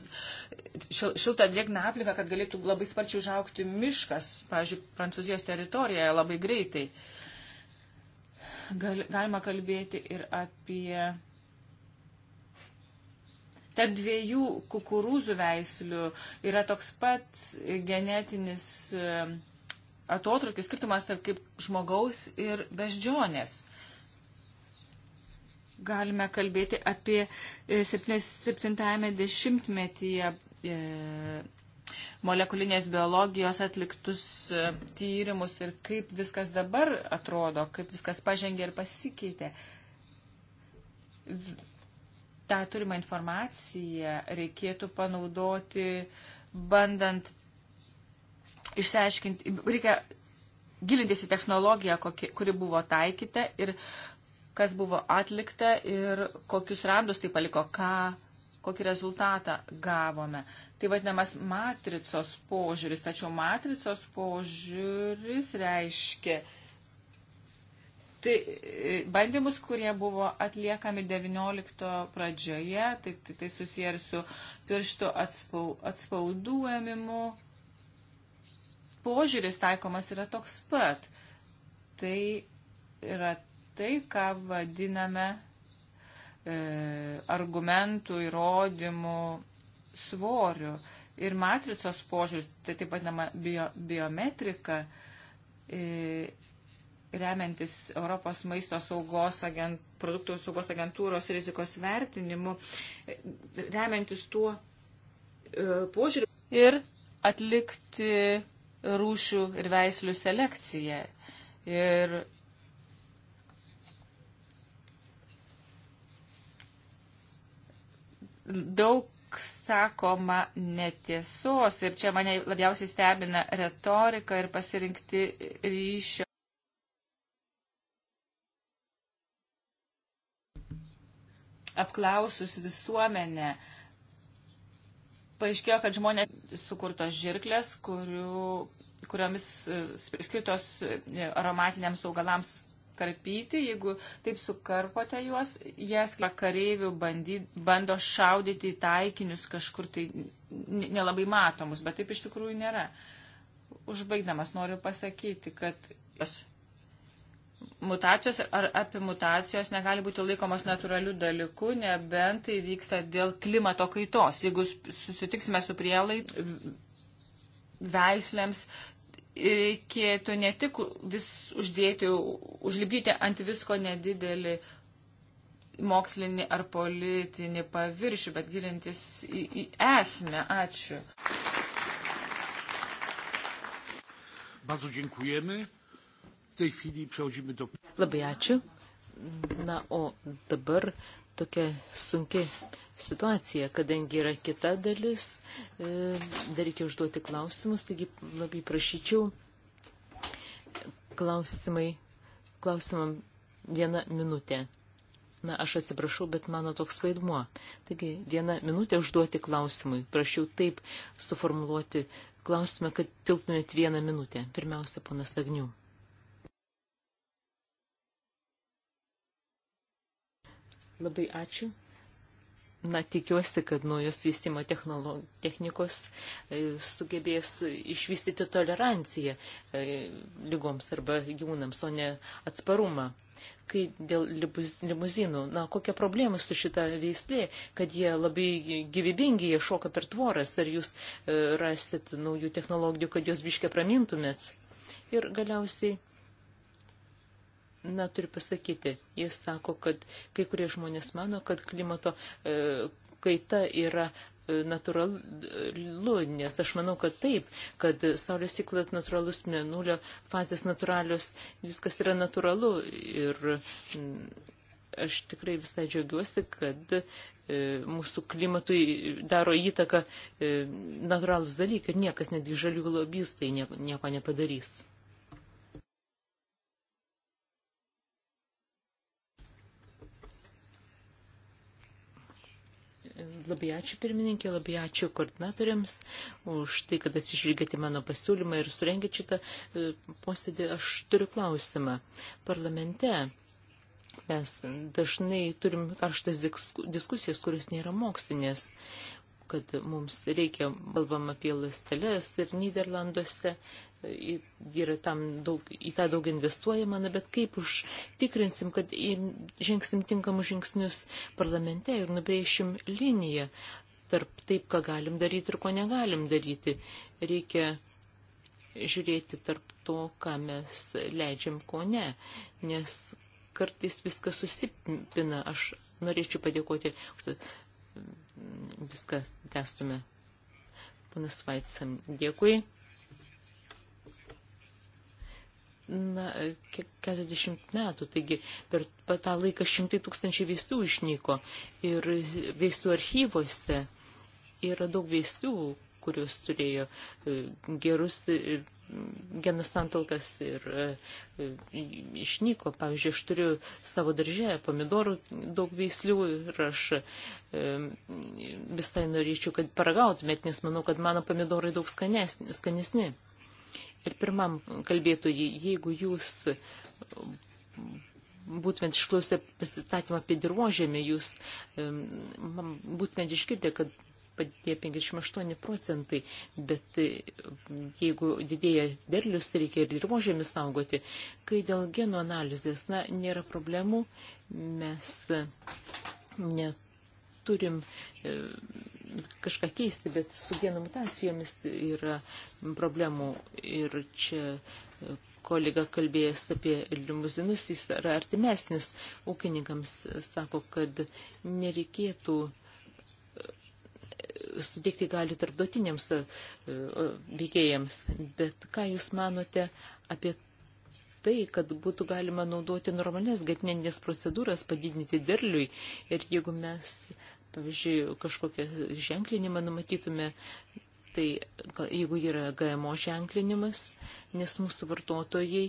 šil, šiltą drėgną aplinką, kad galėtų labai sparčiai užaukti miškas, pavyzdžiui, Prancūzijos teritorijoje labai greitai. Gal, galima kalbėti ir apie tarp dviejų kukurūzų veislių yra toks pat genetinis e, atotrukis, skirtumas tarp kaip žmogaus ir beždžionės. Galime kalbėti apie 70-metyje e, e, molekulinės biologijos atliktus e, tyrimus ir kaip viskas dabar atrodo, kaip viskas pažengė ir pasikeitė. Ta turima informacija reikėtų panaudoti, bandant išsiaiškinti, reikia gilintis į technologiją, kokie, kuri buvo taikyta ir kas buvo atlikta ir kokius randus tai paliko, ką, kokį rezultatą gavome. Tai vadinamas matricos požiūris, tačiau matricos požiūris reiškia tai, bandymus, kurie buvo atliekami 19 pradžioje, tai, tai, tai susiję ir su pirštų atspaudų ėmimu požiūris taikomas yra toks pat. Tai yra tai, ką vadiname e, argumentų, įrodymų svoriu. Ir matricos požiūris, tai taip vadinama bio, biometrika, e, remiantis Europos maisto saugos agent, produktų saugos agentūros rizikos vertinimu, e, remiantis tuo e, požiūriu ir atlikti rūšių ir veislių selekcija. Ir daug sakoma netiesos ir čia mane labiausiai stebina retorika ir pasirinkti ryšio. Apklausus visuomenę, uh, paaiškėjo, kad žmonės sukurtos žirklės, kurių, kuriomis e, skirtos e, aromatiniams augalams karpyti, jeigu taip sukarpote juos, jie kareivių bandy, bando šaudyti į taikinius kažkur tai nelabai matomus, bet taip iš tikrųjų nėra. Užbaigdamas noriu pasakyti, kad jos mutacijos ar apimutacijos negali būti laikomos natūraliu dalyku, nebent tai vyksta dėl klimato kaitos. Jeigu susitiksime su prielai veislėms, reikėtų ne tik vis uždėti, užlipdyti ant visko nedidelį mokslinį ar politinį paviršių, bet gilintis į, į esmę. Ačiū. Bardzo dziękujemy. Labai ačiū. Na, o dabar tokia sunki situacija, kadangi yra kita dalis, e, dar reikia užduoti klausimus, taigi labai prašyčiau klausimai, klausimam vieną minutę. Na, aš atsiprašau, bet mano toks vaidmuo. Taigi, vieną minutę užduoti klausimui. Prašiau taip suformuluoti klausimą, kad tilptumėt vieną minutę. Pirmiausia, ponas Agniu. Labai ačiū. Na, tikiuosi, kad naujos vystimo technikos e, sugebės išvystyti toleranciją e, lygoms arba gyvūnams, o ne atsparumą. Kai dėl limuzinų, na, kokia problema su šita veislė, kad jie labai gyvybingi, jie šoka per tvoras, ar jūs e, rasit naujų technologijų, kad juos biškia pramintumėt. Ir galiausiai Na, turiu pasakyti, jis sako, kad kai kurie žmonės mano, kad klimato e, kaita yra e, natūralu, nes aš manau, kad taip, kad Saulės ciklas natūralus, mėnulio fazės natūralios, viskas yra natūralu ir aš tikrai visai džiaugiuosi, kad e, mūsų klimatui daro įtaką e, natūralus dalykai ir niekas, netgi žalių lobistai, nieko nepadarys. Labai ačiū pirmininkė, labai ačiū koordinatoriams už tai, kad atsižvelgėte mano pasiūlymą ir surengėte šitą e, posėdį. Aš turiu klausimą. Parlamente mes dažnai turim karštas diskusijas, kurios nėra mokslinės kad mums reikia, kalbam apie lasteles ir Niderlanduose yra tam daug, į tą daug investuojama, na, bet kaip užtikrinsim, kad žengsim tinkamus žingsnius parlamente ir nubrėšim liniją tarp taip, ką galim daryti ir ko negalim daryti. Reikia žiūrėti tarp to, ką mes leidžiam, ko ne, nes kartais viskas susipina. Aš norėčiau padėkoti, viską testume. Panas Vaitsam, dėkui na, 40 metų, taigi per tą laiką šimtai tūkstančių veistų išnyko ir veistų archyvose yra daug veistų, kurios turėjo e, gerus e, genų santalkas ir e, išnyko. Pavyzdžiui, aš turiu savo daržę pomidorų daug veislių ir aš visai norėčiau, kad paragautumėt, nes manau, kad mano pomidorai daug skanesni. skanesni. Ir pirmam kalbėtojai, jeigu jūs būtent išklausę pasistatymą apie dirbožėmį, jūs būtent išgirdė, kad padidėjo 58 procentai, bet e, jeigu didėja derlius, tai reikia ir dirbožėmį saugoti. Kai dėl genų analizės, na, nėra problemų, mes neturim e, kažką keisti, bet su genų mutacijomis yra problemų. Ir čia kolega kalbėjęs apie limuzinus, jis yra artimesnis ūkininkams, sako, kad nereikėtų e, suteikti galių tarptautiniams e, e, veikėjams. Bet ką Jūs manote apie tai, kad būtų galima naudoti normales gatnenės procedūras, padidinti derliui ir jeigu mes uh, pavyzdžiui, kažkokią ženklinimą numatytume, tai jeigu yra GMO ženklinimas, nes mūsų vartotojai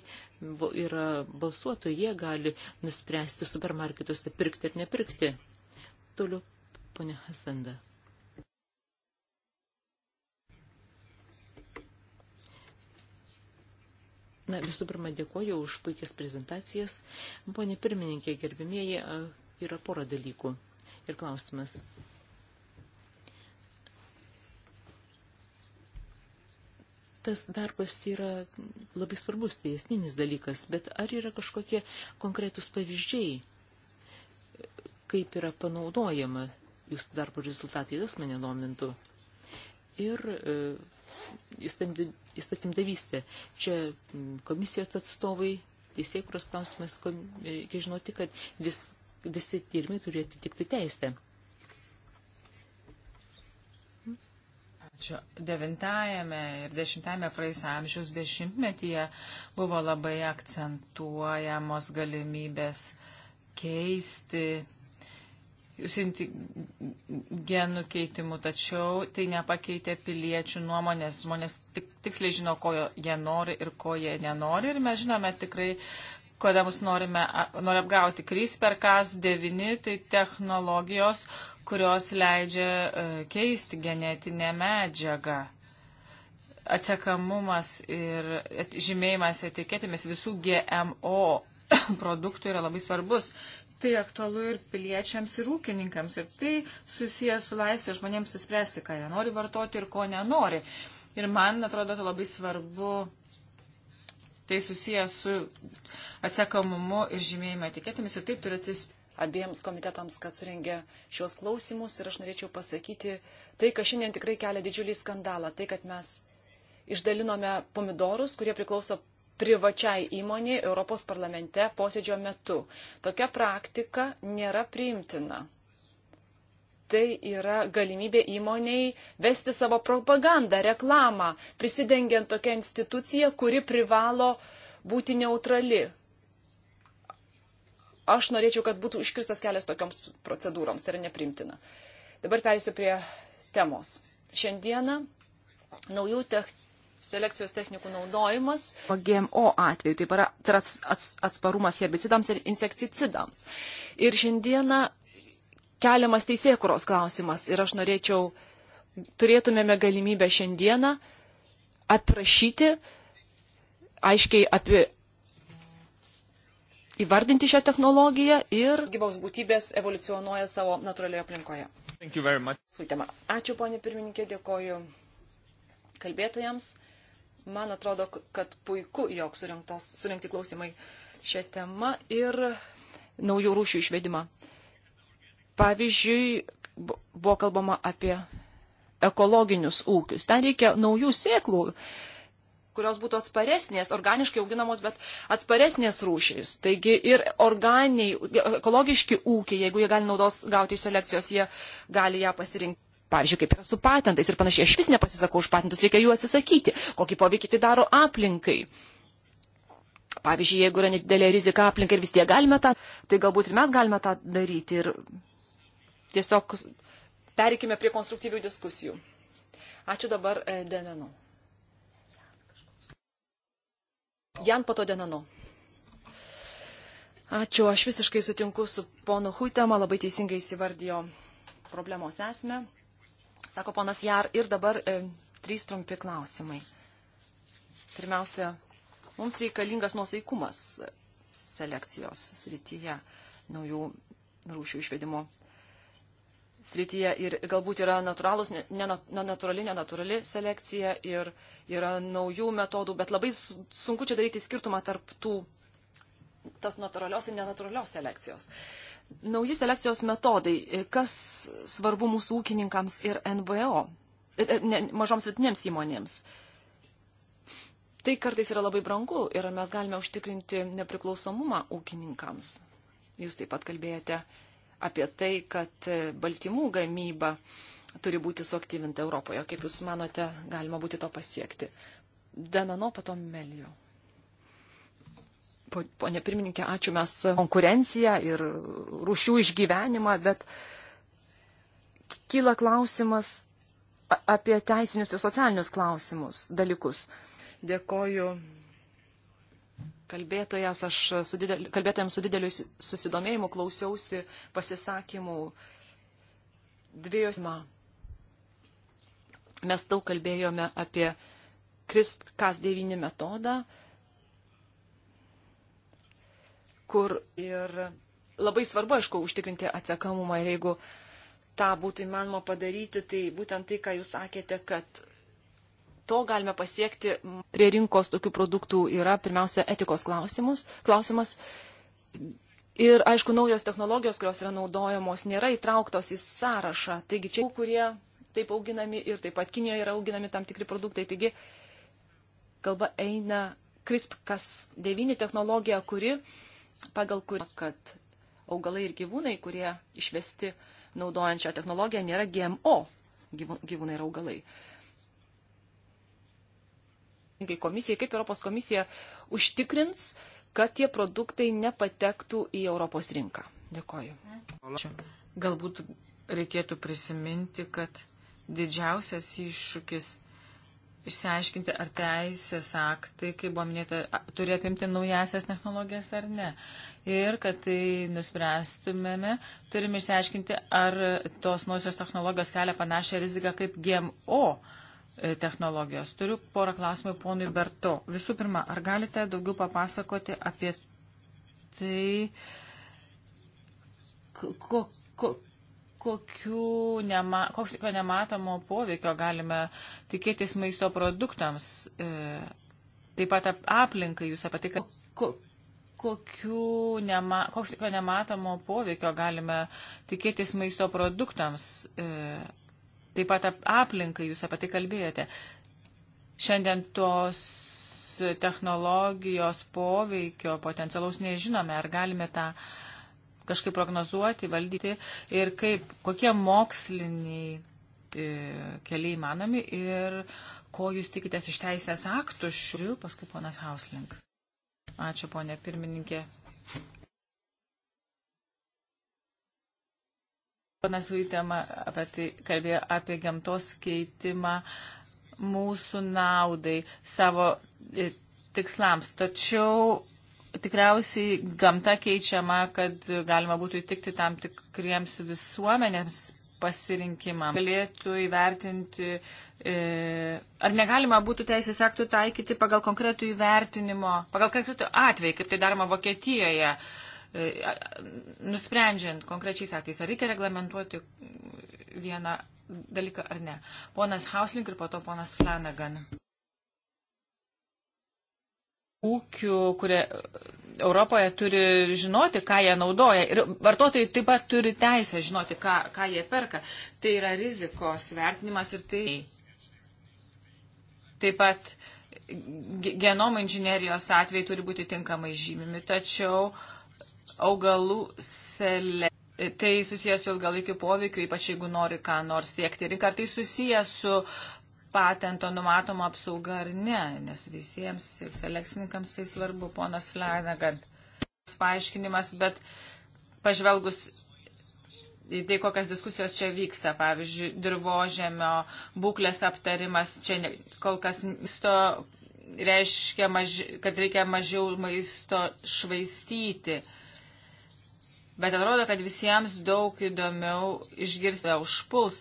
yra balsuotojai, jie gali nuspręsti supermarketuose pirkti ar nepirkti. Toliau, ponia Hasanda. Na, visų pirma, dėkoju už puikias prezentacijas. Pone pirmininkė, gerbimieji, yra pora dalykų ir klausimas. tas darbas yra labai svarbus, tai esminis dalykas, bet ar yra kažkokie konkretūs pavyzdžiai, kaip yra panaudojama jūsų darbo rezultatai, tas mane domintų. Ir e, įstatymdavystė. Čia komisijos atstovai, teisėkuros klausimas, e, reikia žinoti, kad vis visi tyrimai turi atitikti teisę. Ačiū. Devintajame ir dešimtajame praeisą amžiaus dešimtmetyje buvo labai akcentuojamos galimybės keisti siunti genų keitimu, tačiau tai nepakeitė piliečių nuomonės. Žmonės tik, tiksliai žino, ko jie nori ir ko jie nenori. Ir mes žinome tikrai kada mus norime, nori apgauti. Krys per kas 9 tai technologijos, kurios leidžia e, keisti genetinę medžiagą. Atsekamumas ir žymėjimas etiketėmis visų GMO *coughs* produktų yra labai svarbus. Tai aktualu ir piliečiams, ir ūkininkams. Ir tai susijęs su laisvė žmonėms įspręsti, ką jie nori vartoti ir ko nenori. Ir man atrodo, tai labai svarbu Tai susijęs su atsekamumu ir žymėjimo etiketėmis ir taip turi atsispirti abiems komitetams, kad surengė šios klausimus ir aš norėčiau pasakyti tai, kas šiandien tikrai kelia didžiulį skandalą, tai, kad mes išdalinome pomidorus, kurie priklauso privačiai įmoniai Europos parlamente posėdžio metu. Tokia praktika nėra priimtina tai yra galimybė įmoniai vesti savo propagandą, reklamą, prisidengiant tokią instituciją, kuri privalo būti neutrali. Aš norėčiau, kad būtų iškristas kelias tokioms procedūroms, tai yra neprimtina. Dabar perėsiu prie temos. Šiandieną naujų tech, selekcijos technikų naudojimas. GMO atveju tai yra atsparumas herbicidams ir insekticidams. Ir šiandieną keliamas teisėkuros klausimas ir aš norėčiau, turėtumėme galimybę šiandieną aprašyti, aiškiai apie, įvardinti šią technologiją ir gyvaus būtybės evoliucionuoja savo natūralioje aplinkoje. Suitema. Ačiū, ponė pirmininkė, dėkoju kalbėtojams. Man atrodo, kad puiku, jog surinkti klausimai šią temą ir naujų rūšių išvedimą Pavyzdžiui, buvo kalbama apie ekologinius ūkius. Ten reikia naujų sėklų, kurios būtų atsparesnės, organiškai auginamos, bet atsparesnės rūšys. Taigi ir organiai, ekologiški ūkiai, jeigu jie gali naudos gauti iš selekcijos, jie gali ją pasirinkti. Pavyzdžiui, kaip yra su patentais ir panašiai, aš vis nepasisakau už patentus, reikia jų atsisakyti, kokį poveikį tai daro aplinkai. Pavyzdžiui, jeigu yra nedidelė rizika aplinkai ir vis tiek galime tą, tai galbūt ir mes galime tą daryti ir Tiesiog perikime prie konstruktyvių diskusijų. Ačiū dabar e, Denenu. Jan Pato Denenu. Ačiū, aš visiškai sutinku su ponu Huitema, labai teisingai įsivardijo problemos esmę. Sako ponas Jar ir dabar e, trys trumpi klausimai. Pirmiausia, mums reikalingas nuosaikumas selekcijos srityje naujų rūšių išvedimo srityje ir galbūt yra natūralus, nenatūrali, nenatūrali selekcija ir yra naujų metodų, bet labai sunku čia daryti skirtumą tarp tų, tos natūralios ir nenatūralios selekcijos. Nauji selekcijos metodai, kas svarbu mūsų ūkininkams ir NVO, ne, mažoms vidinėms įmonėms. Tai kartais yra labai brangu ir mes galime užtikrinti nepriklausomumą ūkininkams. Jūs taip pat kalbėjote apie tai, kad baltymų gamyba turi būti suaktyvinta Europoje. Kaip Jūs manote, galima būti to pasiekti? Danano patom Melijo. Pone pirmininkė, ačiū mes konkurenciją ir rūšių išgyvenimą, bet kyla klausimas apie teisinius ir socialinius klausimus, dalykus. Dėkoju Kalbėtojas, aš su didel, kalbėtojams su dideliu susidomėjimu klausiausi pasisakymų dviejose. Mes daug kalbėjome apie CRISP-Cas9 metodą, kur ir labai svarbu, aišku, užtikrinti atsekamumą ir jeigu tą būtų įmanoma padaryti, tai būtent tai, ką jūs sakėte, kad to galime pasiekti prie rinkos tokių produktų yra pirmiausia etikos klausimus, klausimas. Ir aišku, naujos technologijos, kurios yra naudojamos, nėra įtrauktos į sąrašą. Taigi čia, kurie taip auginami ir taip pat Kinijoje yra auginami tam tikri produktai. Taigi kalba eina CRISP-Cas9 technologija, kuri pagal kur, kad augalai ir gyvūnai, kurie išvesti naudojant šią technologiją, nėra GMO gyvūnai ir augalai. Uh, ypatingai komisijai, kaip Europos komisija užtikrins, kad tie produktai nepatektų į Europos rinką. Dėkoju. Galbūt reikėtų prisiminti, kad didžiausias iššūkis išsiaiškinti, ar teisės aktai, kaip buvo minėta, turi apimti naujasias technologijas ar ne. Ir kad tai nuspręstumėme, turime išsiaiškinti, ar tos naujosios technologijos kelia panašią riziką kaip GMO. Uh, E, technologijos. Turiu porą klausimų ponui Berto. Visų pirma, ar galite daugiau papasakoti apie tai, ko, ko, kokiu nema, kokio nematomo poveikio galime tikėtis maisto produktams, e, taip pat ap, aplinkai jūs apie tai, kad ko, kokiu nema, kokio nematomo poveikio galime tikėtis maisto produktams, e, Taip pat aplinkai jūs apie tai kalbėjote. Šiandien tos technologijos poveikio potencialaus nežinome, ar galime tą kažkaip prognozuoti, valdyti ir kaip, kokie moksliniai e, keliai įmanomi ir ko jūs tikitės iš teisės aktų šių, paskui ponas Hauslink. Ačiū, ponė pirmininkė. Panas Uitema apie tai kalbėjo apie gamtos keitimą mūsų naudai, savo e, tikslams. Tačiau tikriausiai gamta keičiama, kad galima būtų įtikti tam tikriems visuomenėms pasirinkimams. Galėtų įvertinti, e, ar negalima būtų teisės aktų taikyti pagal konkretų įvertinimo, pagal konkretų atvejį, kaip tai daroma Vokietijoje. E, E, nusprendžiant konkrečiais atvejais, ar reikia reglamentuoti vieną dalyką ar ne. Ponas Hausling ir po to ponas Flanagan. Ūkių, kurie Europoje turi žinoti, ką jie naudoja. Ir vartotojai taip pat turi teisę žinoti, ką, ką jie perka. Tai yra rizikos vertinimas ir tai. Taip pat genomo inžinerijos atvejai turi būti tinkamai žymimi, tačiau uh, augalų selekcija. Tai susijęs su ilgalaikiu poveikiu, ypač jeigu nori ką nors siekti. Ir kartai susijęs su patento numatoma apsauga ar ne, nes visiems ir selekcininkams tai svarbu, ponas Flanagan. Paaiškinimas, bet pažvelgus į tai, kokias diskusijos čia vyksta, pavyzdžiui, dirbožėmio būklės aptarimas, čia ne, kol kas maisto reiškia, maž, kad reikia mažiau maisto švaistyti. Uh, Bet atrodo, kad visiems daug įdomiau išgirsti, užpuls.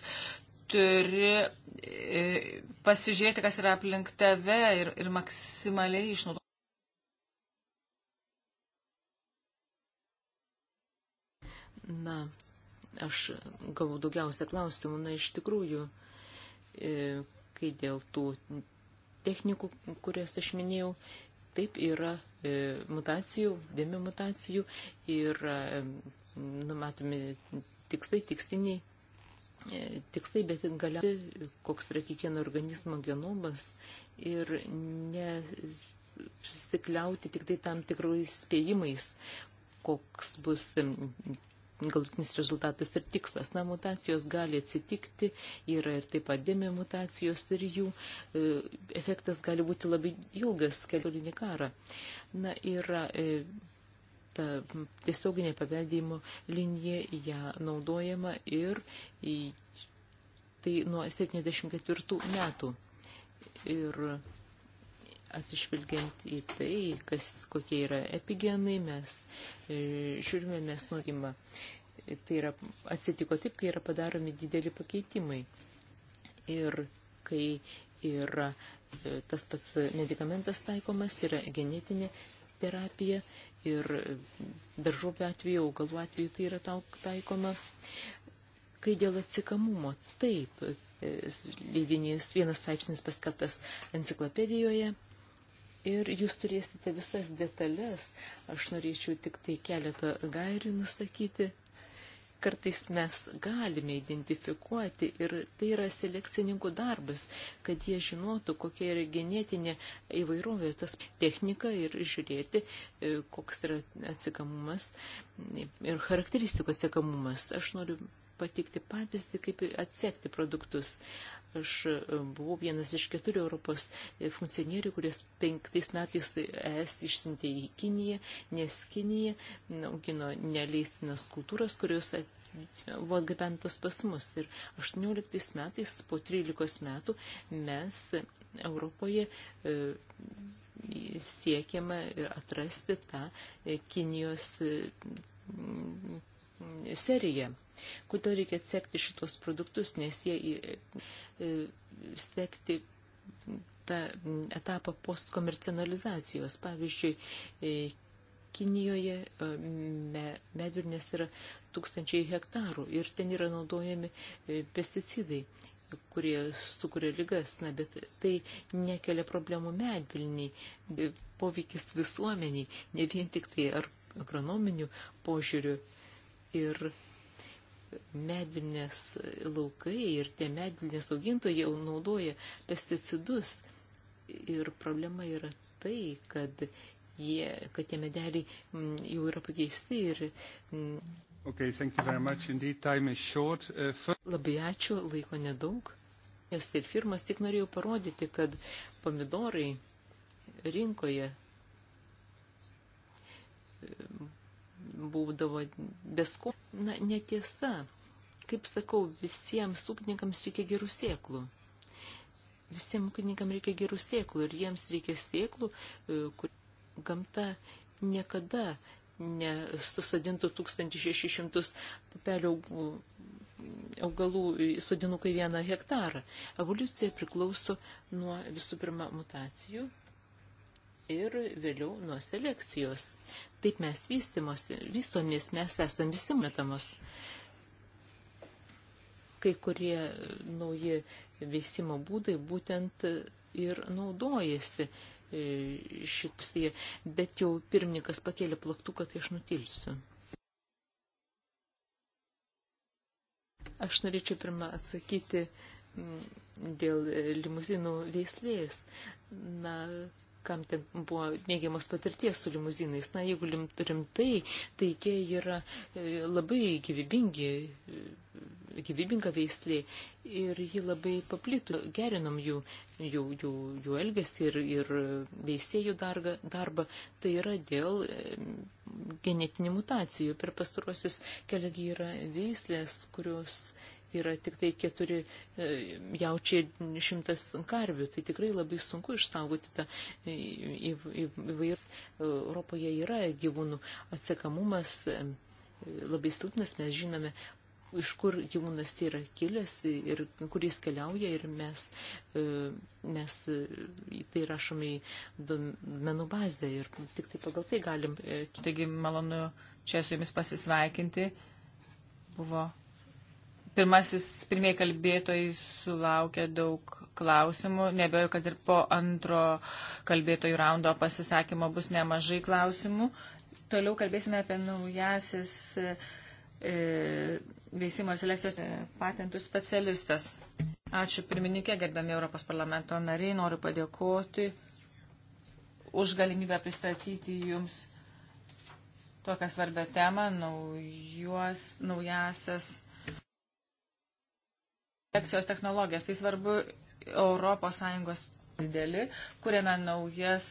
Turi e, pasižiūrėti, kas yra aplink tave ir, ir maksimaliai išnaudoti. Na, aš gavau daugiausia klausimų, na, iš tikrųjų, e, kai dėl tų technikų, kurias aš minėjau, taip yra E, mutacijų, dėmių mutacijų ir e, numatomi tikslai, tikstiniai e, tikslai, bet galiausiai koks yra kiekvieno organizmo genomas ir nesikliauti tik tai tam tikrais spėjimais, koks bus galutinis rezultatas ir tikslas. Na, mutacijos gali atsitikti, yra ir taip pat dėmė mutacijos ir jų e, efektas gali būti labai ilgas keliolinį karą. Na, yra e, ta tiesioginė paveldėjimo linija, ją naudojama ir į, tai nuo 74 metų. Ir atsižvelgiant į tai, kas, kokie yra epigenai, mes e, žiūrime, mes norime. Tai yra, atsitiko taip, kai yra padaromi dideli pakeitimai. Ir kai yra e, tas pats medikamentas taikomas, yra genetinė terapija ir daržovių atveju, augalų atveju tai yra taikoma. Kai dėl atsikamumo, taip, e, leidinys, vienas straipsnis paskelbtas enciklopedijoje ir jūs turėsite visas detalės. Aš norėčiau tik tai keletą gairių nusakyti. Kartais mes galime identifikuoti ir tai yra selekcininkų darbas, kad jie žinotų, kokia yra genetinė įvairovė, tas technika ir žiūrėti, e, koks yra atsikamumas ir charakteristikų atsikamumas. Aš noriu patikti pavyzdį, kaip atsekti produktus. Aš e, buvau vienas iš keturių Europos e, funkcionierių, kuris penktais metais ES išsintė į Kiniją, nes Kinija augino neleistinas kultūras, kurios buvo gabentos pas mus. Ir 18 metais, po 13 metų, mes Europoje e, siekiama atrasti tą Kinijos seriją. Kodėl reikia sekti šitos produktus, nes jie e, sekti tą etapą postkomercionalizacijos. Pavyzdžiui, e, Kinijoje e, medvirnės yra tūkstančiai hektarų ir ten yra naudojami pesticidai kurie sukuria lygas, na, bet tai nekelia problemų medvilniai, poveikis visuomeniai, ne vien tik tai ar agronominių požiūrių. Ir medvilnės laukai ir tie medvilnės augintojai jau naudoja pesticidus. Ir problema yra tai, kad, jie, kad tie medeliai mm, jau yra pakeisti ir. Mm, okay, thank you very much. Indeed, time is short. Uh, for... Labai ačiū, laiko nedaug. Nes ir firmas tik norėjau parodyti, kad pomidorai rinkoje būdavo besko. Na, netiesa. Kaip sakau, visiems ūkininkams reikia gerų sėklų. Visiems ūkininkams reikia gerų sėklų ir jiems reikia sėklų, e, kur gamta niekada nesusadintų 1600 pupelių e, augalų e, sodinukai vieną hektarą. Evoliucija priklauso nuo visų pirma mutacijų ir vėliau nuo selekcijos. Taip mes vystomės, mes esam visi metamos. Kai kurie nauji veisimo būdai būtent ir naudojasi e, šitsie, bet jau pirmininkas pakėlė plaktuką, tai aš nutilsiu. Aš norėčiau pirmą atsakyti mm, dėl limuzinų veislės. Na, kam ten buvo neigiamas patirties su limuzinais. Na, jeigu rimtai, tai jie yra e, labai gyvybingi, e, gyvybinga veislė ir ji labai paplitų. Gerinom jų, jų, jų, jų elgesį ir, ir veisėjų darga, darbą. Tai yra dėl e, genetinių mutacijų. Per pastaruosius kelias yra veislės, kurios yra tik tai keturi e, jaučiai šimtas karvių. Tai tikrai labai sunku išsaugoti tą e, įvairias. Europoje yra gyvūnų atsekamumas e, labai silpnas, mes žinome, iš kur gyvūnas yra kilęs ir kur jis keliauja ir mes, mes tai rašome į domenų bazę ir tik tai pagal tai galim. Taigi malonu čia su jumis pasisveikinti. Buvo Pirmasis, pirmieji kalbėtojai sulaukė daug klausimų. Nebejoju, kad ir po antro kalbėtojų raundo pasisakymo bus nemažai klausimų. Toliau kalbėsime apie naujasis e, veisimo ir selekcijos patentų specialistas. Ačiū pirmininkė, gerbiami Europos parlamento nariai, noriu padėkoti už galimybę pristatyti jums tokią svarbę temą, naujuos, naujasias kolekcijos technologijas. Tai svarbu ES didelį, kuriame naujas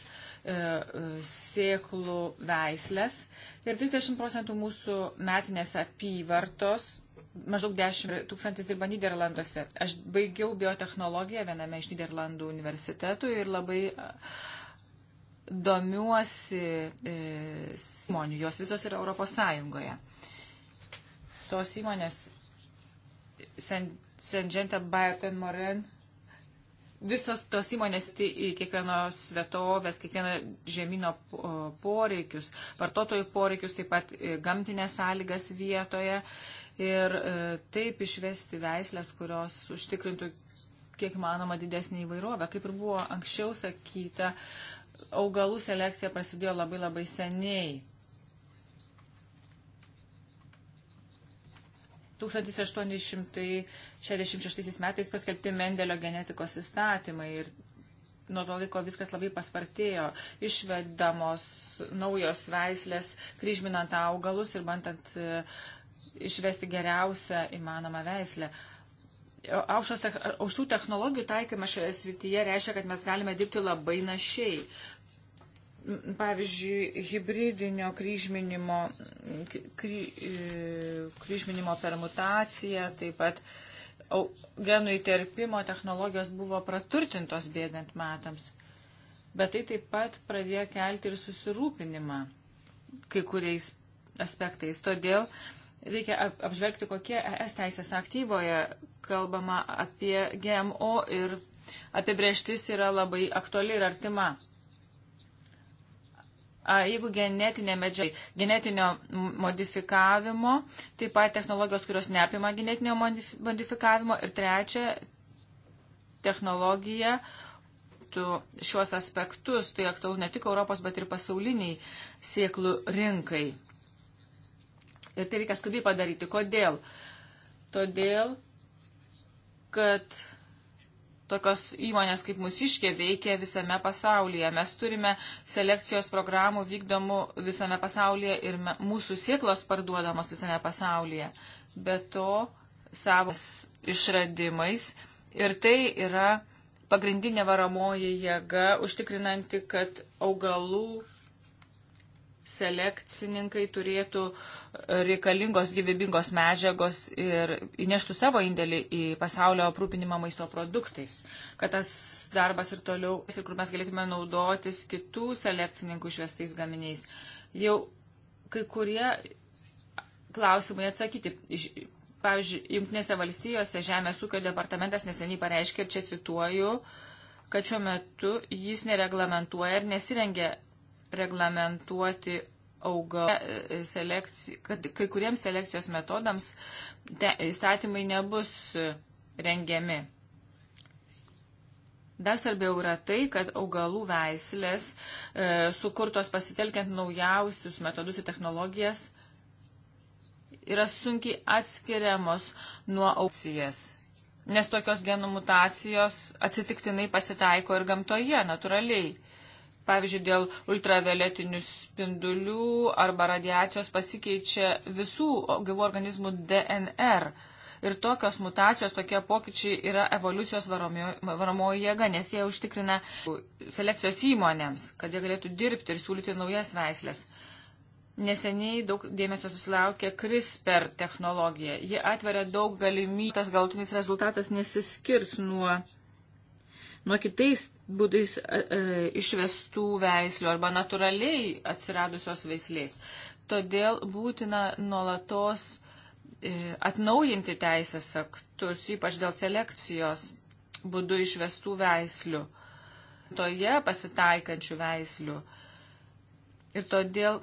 e, e sėklų veislės ir 30 procentų mūsų metinės apyvartos, maždaug 10 tūkstantis dirba Niderlanduose. Aš baigiau biotehnologiją viename iš Niderlandų universitetų ir labai e, domiuosi e, įmonių, jos visos yra Europos Sąjungoje. Tos įmonės sen, Sengenta Bairten Moren. Visos tos įmonės į kiekvienos vietovės, kiekvieno žemino poreikius, vartotojų poreikius, taip pat e, gamtinės sąlygas vietoje ir e, taip išvesti veislės, kurios užtikrintų kiek manoma didesnį įvairovę. Kaip ir buvo anksčiau sakyta, augalų selekcija prasidėjo labai labai seniai 1866 metais paskelbti Mendelio genetikos įstatymai ir nuo to laiko viskas labai paspartėjo, išvedamos naujos veislės, kryžminant augalus ir bandant e, išvesti geriausią įmanomą veislę. Aukštų technologijų taikymas šioje srityje reiškia, kad mes galime dirbti labai našiai pavyzdžiui, hybridinio kryžminimo, kry, e, kryžminimo permutacija, taip pat genų įterpimo technologijos buvo praturtintos bėgant metams. Bet tai taip pat pradėjo kelti ir susirūpinimą kai kuriais aspektais. Todėl reikia apžvelgti, kokie ES teisės aktyvoje kalbama apie GMO ir apibrieštis yra labai aktuali ir artima jeigu genetinė medžiaga, genetinio modifikavimo, taip pat technologijos, kurios neapima genetinio modifikavimo ir trečia technologija, šiuos aspektus, tai aktualu ne tik Europos, bet ir pasauliniai sieklų rinkai. Ir tai reikia skubiai padaryti. Kodėl? Todėl, kad tokios įmonės kaip mūsiškė veikia visame pasaulyje. Mes turime selekcijos programų vykdomų visame pasaulyje ir mūsų sėklos parduodamos visame pasaulyje. Be to, savas išradimais ir tai yra pagrindinė varamoji jėga, užtikrinanti, kad augalų selekcininkai turėtų e, reikalingos gyvybingos medžiagos ir įneštų savo indėlį į pasaulio aprūpinimą maisto produktais, kad tas darbas ir toliau, ir kur mes galėtume naudotis kitų selekcininkų išvestais gaminiais. Jau kai kurie klausimai atsakyti. Pavyzdžiui, Junktinėse valstijose Žemės ūkio departamentas neseniai pareiškė, ir čia cituoju, kad šiuo metu jis nereglamentuoja ir nesirengia reglamentuoti augalų e, selekcijų, kad kai kuriems selekcijos metodams te, įstatymai nebus rengiami. Dar svarbiau yra tai, kad augalų veislės e, sukurtos pasitelkiant naujausius metodus ir technologijas yra sunkiai atskiriamos nuo auksijas. Nes tokios genų mutacijos atsitiktinai pasitaiko ir gamtoje, natūraliai pavyzdžiui, dėl ultravioletinių spindulių arba radiacijos pasikeičia visų gyvų organizmų DNR. Ir tokios mutacijos, tokie pokyčiai yra evoliucijos varomoji jėga, nes jie užtikrina selekcijos įmonėms, kad jie galėtų dirbti ir siūlyti naujas veislės. Neseniai daug dėmesio susilaukė CRISPR technologija. Ji atveria daug galimybių, tas galutinis rezultatas nesiskirs nuo nuo kitais būdais e, e, išvestų veislių arba natūraliai atsiradusios veislės. Todėl būtina nuolatos e, atnaujinti teisės aktus, ypač dėl selekcijos būdų išvestų veislių, toje pasitaikančių veislių. Ir todėl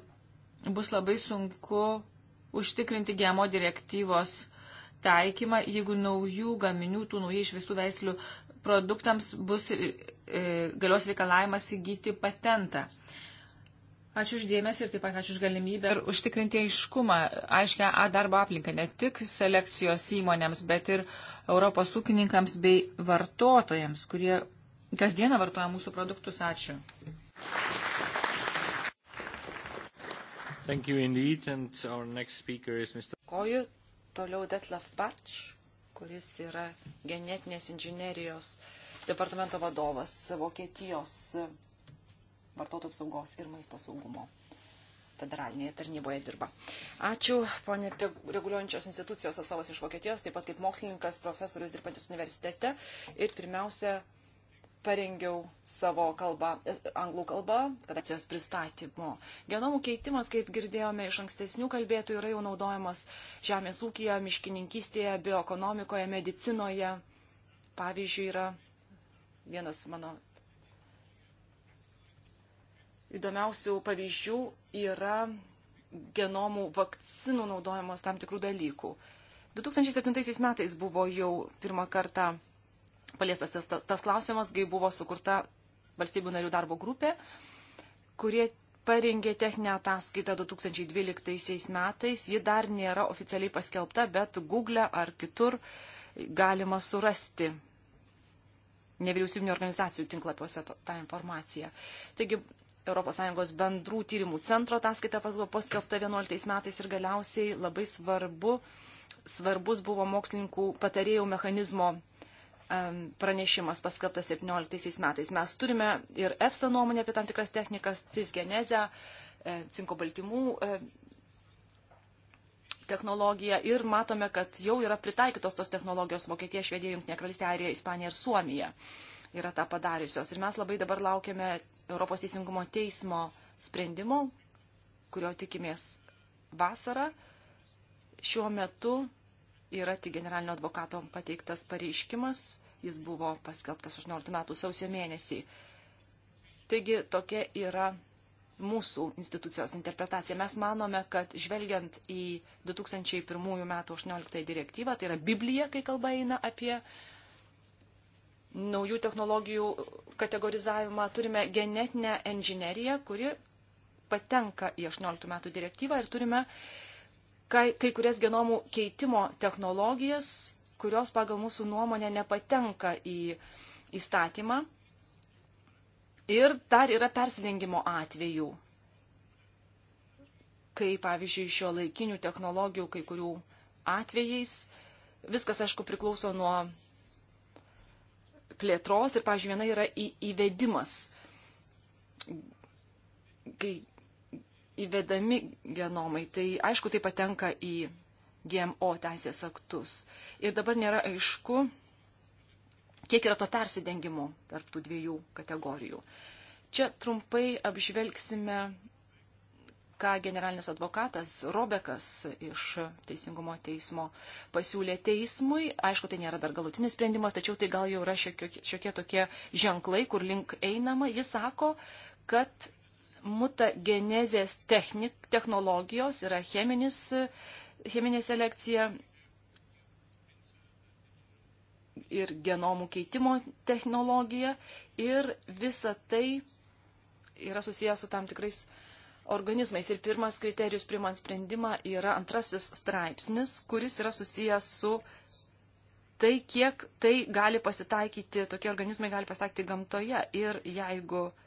bus labai sunku užtikrinti GMO direktyvos taikymą, jeigu naujų gaminių, tų naujai išvestų veislių produktams bus e, e, galios reikalavimas įgyti patentą. Ačiū uždėmesi ir taip pat ačiū už galimybę ir užtikrinti aiškumą, aiškę A darbo aplinką ne tik selekcijos įmonėms, bet ir Europos ūkininkams bei vartotojams, kurie kasdieną vartoja mūsų produktus. Ačiū. Indeed, Koju toliau Detlef Batch kuris yra genetinės inžinerijos departamento vadovas Vokietijos vartotojų apsaugos ir maisto saugumo federalinėje tarnyboje dirba. Ačiū, ponė reguliuojančios institucijos atstovas iš Vokietijos, taip pat kaip mokslininkas, profesorius dirbantis universitete. Ir pirmiausia, parengiau savo kalbą, e, anglų kalbą, redakcijos pristatymo. Genomų keitimas, kaip girdėjome iš ankstesnių kalbėtų, yra jau naudojamas žemės ūkija, miškininkystėje, bioekonomikoje, medicinoje. Pavyzdžiui, yra vienas mano įdomiausių pavyzdžių yra genomų vakcinų naudojimas tam tikrų dalykų. 2007 metais buvo jau pirmą kartą paliestas tas, tas klausimas, kai buvo sukurta valstybių narių darbo grupė, kurie parengė techninę ataskaitą 2012 metais. Ji dar nėra oficialiai paskelbta, bet Google e ar kitur galima surasti nevyriausybinio organizacijų tinklapiuose tą informaciją. Taigi, ES bendrų tyrimų centro ataskaita buvo paskelbta 2011 metais ir galiausiai labai svarbu, svarbus buvo mokslininkų patarėjų mechanizmo pranešimas paskelbtas 17 metais. Mes turime ir EFSA nuomonę apie tam tikras technikas, cisgenezę, e, cinko baltymų e, technologiją ir matome, kad jau yra pritaikytos tos technologijos Vokietija, Švedija, Junktinė karalystė, Airija, Ispanija ir Suomija yra tą padariusios. Ir mes labai dabar laukiame Europos teisingumo teismo sprendimo, kurio tikimės vasarą. Šiuo metu yra tik generalinio advokato pateiktas pareiškimas, jis buvo paskelbtas 18 metų sausio mėnesį. Taigi tokia yra mūsų institucijos interpretacija. Mes manome, kad žvelgiant į 2001 metų 18 direktyvą, tai yra Biblija, kai kalba eina apie naujų technologijų kategorizavimą, turime genetinę inžineriją, kuri patenka į 18 metų direktyvą ir turime uh, kai, kai kurias genomų keitimo technologijas, kurios pagal mūsų nuomonę nepatenka į įstatymą. Ir dar yra persidengimo atvejų, kai pavyzdžiui šio laikinių technologijų kai kurių atvejais viskas, aišku, priklauso nuo plėtros ir, pažiūrėjau, viena yra į, įvedimas, kai įvedami genomai, tai aišku, tai patenka į GMO teisės aktus. Ir dabar nėra aišku, kiek yra to persidengimo tarp tų dviejų kategorijų. Čia trumpai apžvelgsime, ką generalinis advokatas Robekas iš Teisingumo teismo pasiūlė teismui. Aišku, tai nėra dar galutinis sprendimas, tačiau tai gal jau yra šiokie, šiokie tokie ženklai, kur link einama. Jis sako, kad mutagenezės technik, technologijos yra cheminis, cheminė selekcija ir genomų keitimo technologija ir visa tai yra susijęs su tam tikrais organizmais. Ir pirmas kriterijus primant sprendimą yra antrasis straipsnis, kuris yra susijęs su tai, kiek tai gali pasitaikyti, tokie organizmai gali pasitaikyti gamtoje. Ir jeigu uh,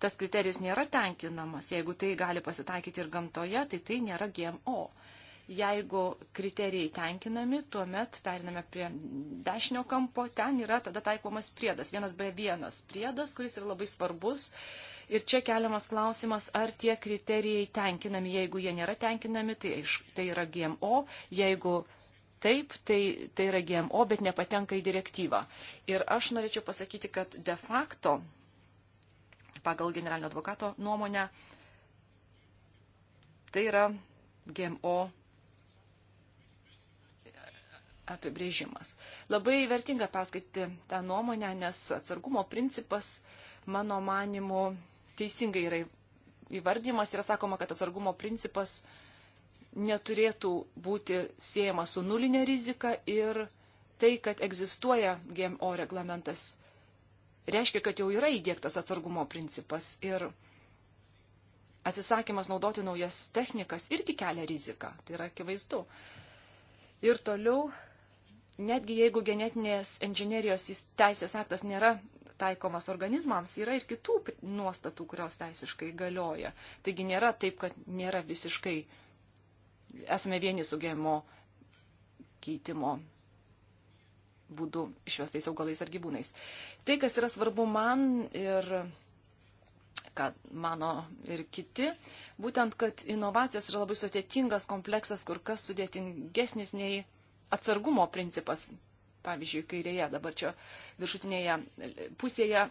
tas kriterijus nėra tenkinamas. Jeigu tai gali pasitaikyti ir gamtoje, tai tai nėra GMO. Jeigu kriterijai tenkinami, tuomet periname prie dešinio kampo, ten yra tada taikomas priedas, vienas B1 priedas, kuris yra labai svarbus. Ir čia keliamas klausimas, ar tie kriterijai tenkinami. Jeigu jie nėra tenkinami, tai, tai yra GMO. Jeigu taip, tai, tai yra GMO, bet nepatenka į direktyvą. Ir aš norėčiau pasakyti, kad de facto pagal generalinio advokato nuomonę, tai yra GMO apibrėžimas. Labai vertinga perskaityti tą nuomonę, nes atsargumo principas, mano manimu, teisingai yra įvardymas. Yra sakoma, kad atsargumo principas neturėtų būti siejama su nulinė rizika ir tai, kad egzistuoja GMO reglamentas reiškia, kad jau yra įdėktas atsargumo principas ir atsisakymas naudoti naujas technikas irgi kelia riziką. Tai yra akivaizdu. Ir toliau, netgi jeigu genetinės inžinierijos teisės aktas nėra taikomas organizmams, yra ir kitų nuostatų, kurios teisiškai galioja. Taigi nėra taip, kad nėra visiškai, esame vieni su GMO keitimo būdu išvestais augalais ar gyvūnais. Tai, kas yra svarbu man ir ką mano ir kiti, būtent, kad inovacijos yra labai sudėtingas kompleksas, kur kas sudėtingesnis nei atsargumo principas. Pavyzdžiui, kairėje, dabar čia viršutinėje pusėje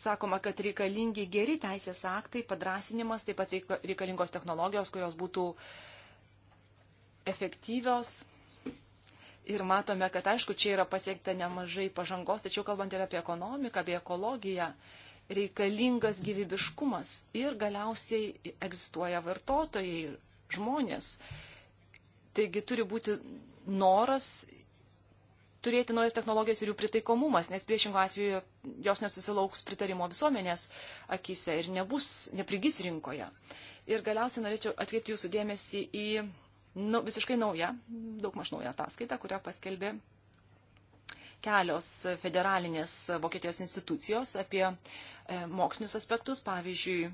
sakoma, kad reikalingi geri teisės aktai, padrasinimas, taip pat reikalingos technologijos, kurios būtų efektyvios, Ir matome, kad aišku, čia yra pasiekta nemažai pažangos, tačiau kalbant ir apie ekonomiką, apie ekologiją, reikalingas gyvybiškumas ir galiausiai egzistuoja vartotojai ir žmonės. Taigi turi būti noras turėti naujas technologijas ir jų pritaikomumas, nes priešingų atveju jos nesusilauks pritarimo visuomenės akise ir nebus, neprigis rinkoje. Ir galiausiai norėčiau atkreipti jūsų dėmesį į nu, visiškai nauja, daug maž nauja ataskaita, kurią paskelbė kelios federalinės Vokietijos institucijos apie e, mokslinius aspektus, pavyzdžiui, e,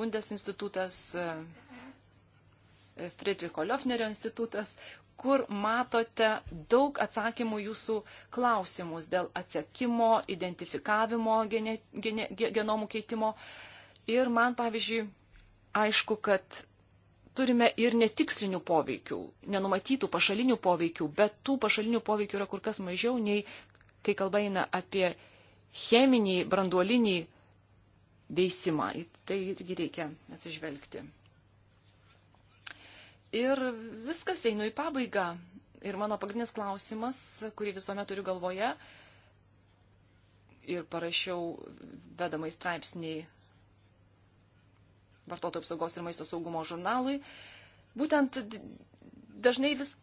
Bundes institutas, e, Friedricho Löfnerio institutas, kur matote daug atsakymų jūsų klausimus dėl atsiekimo, identifikavimo, gene, gene, genomų keitimo. Ir man, pavyzdžiui, aišku, kad turime ir netikslinių poveikių, nenumatytų pašalinių poveikių, bet tų pašalinių poveikių yra kur kas mažiau nei, kai kalba eina apie cheminį, branduolinį veisimą. Į tai irgi reikia atsižvelgti. Ir viskas einu į pabaigą. Ir mano pagrindinis klausimas, kurį visuomet turiu galvoje, ir parašiau vedamai straipsniai vartotojų apsaugos ir maisto saugumo žurnalui. Būtent dažnai vis.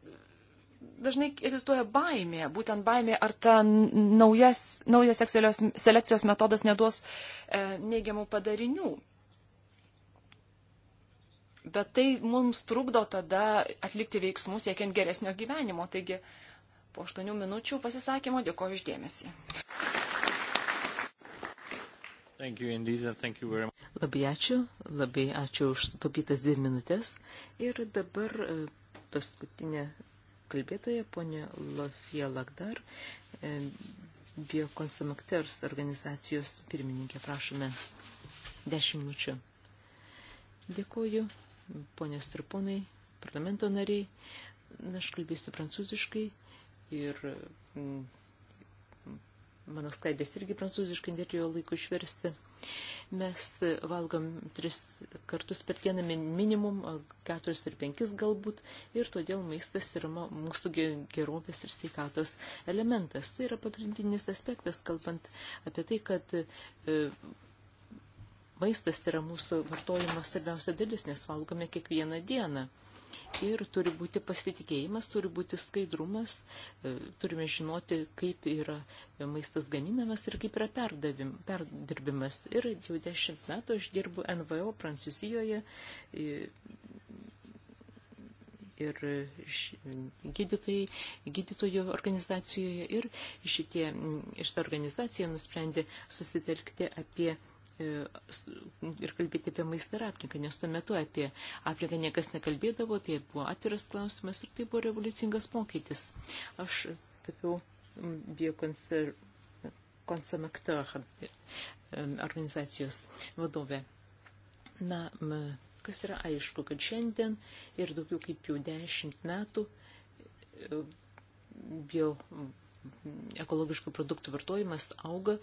Dažnai egzistuoja baimė, būtent baimė, ar ta naujas, naujas selekcijos metodas neduos e, neigiamų padarinių. Bet tai mums trukdo tada atlikti veiksmus, siekiant geresnio gyvenimo. Taigi, po aštuonių minučių pasisakymo dėkoju išdėmesį. Labai ačiū, labai ačiū už sutaupytas dvi minutės. Ir dabar e, paskutinė kalbėtoja, ponė Lofija Lagdar, e, biokonsumakters organizacijos pirmininkė, prašome dešimt minučių. Dėkuoju, ponės ir ponai, parlamento nariai. Aš kalbėsiu prancūziškai ir mano skaidrės irgi prancūziškai neturėjo laiko išversti. Mes valgom tris kartus per dieną minimum, keturis ir penkis galbūt, ir todėl maistas yra mūsų gerovės ir sveikatos elementas. Tai yra pagrindinis aspektas, kalbant apie tai, kad e, maistas yra mūsų vartojimo svarbiausia dalis, nes valgome kiekvieną dieną ir turi būti pasitikėjimas, turi būti skaidrumas, e, turime žinoti, kaip yra maistas gaminamas ir kaip yra perdavim, perdirbimas. Ir jau dešimt metų aš dirbu NVO Prancūzijoje e, ir gydytojai, gydytojų organizacijoje ir šitie, šitą organizaciją nusprendė susitelkti apie E, ir kalbėti apie maistą ir aplinką, nes tuo metu apie aplinką niekas nekalbėdavo, tai buvo atviras klausimas ir tai buvo revoliucingas pokytis. Aš tapiau biokonsamektor e, organizacijos vadovė. Na, kas yra aišku, kad šiandien ir daugiau kaip jau dešimt metų e, bio ekologiškų produktų vartojimas auga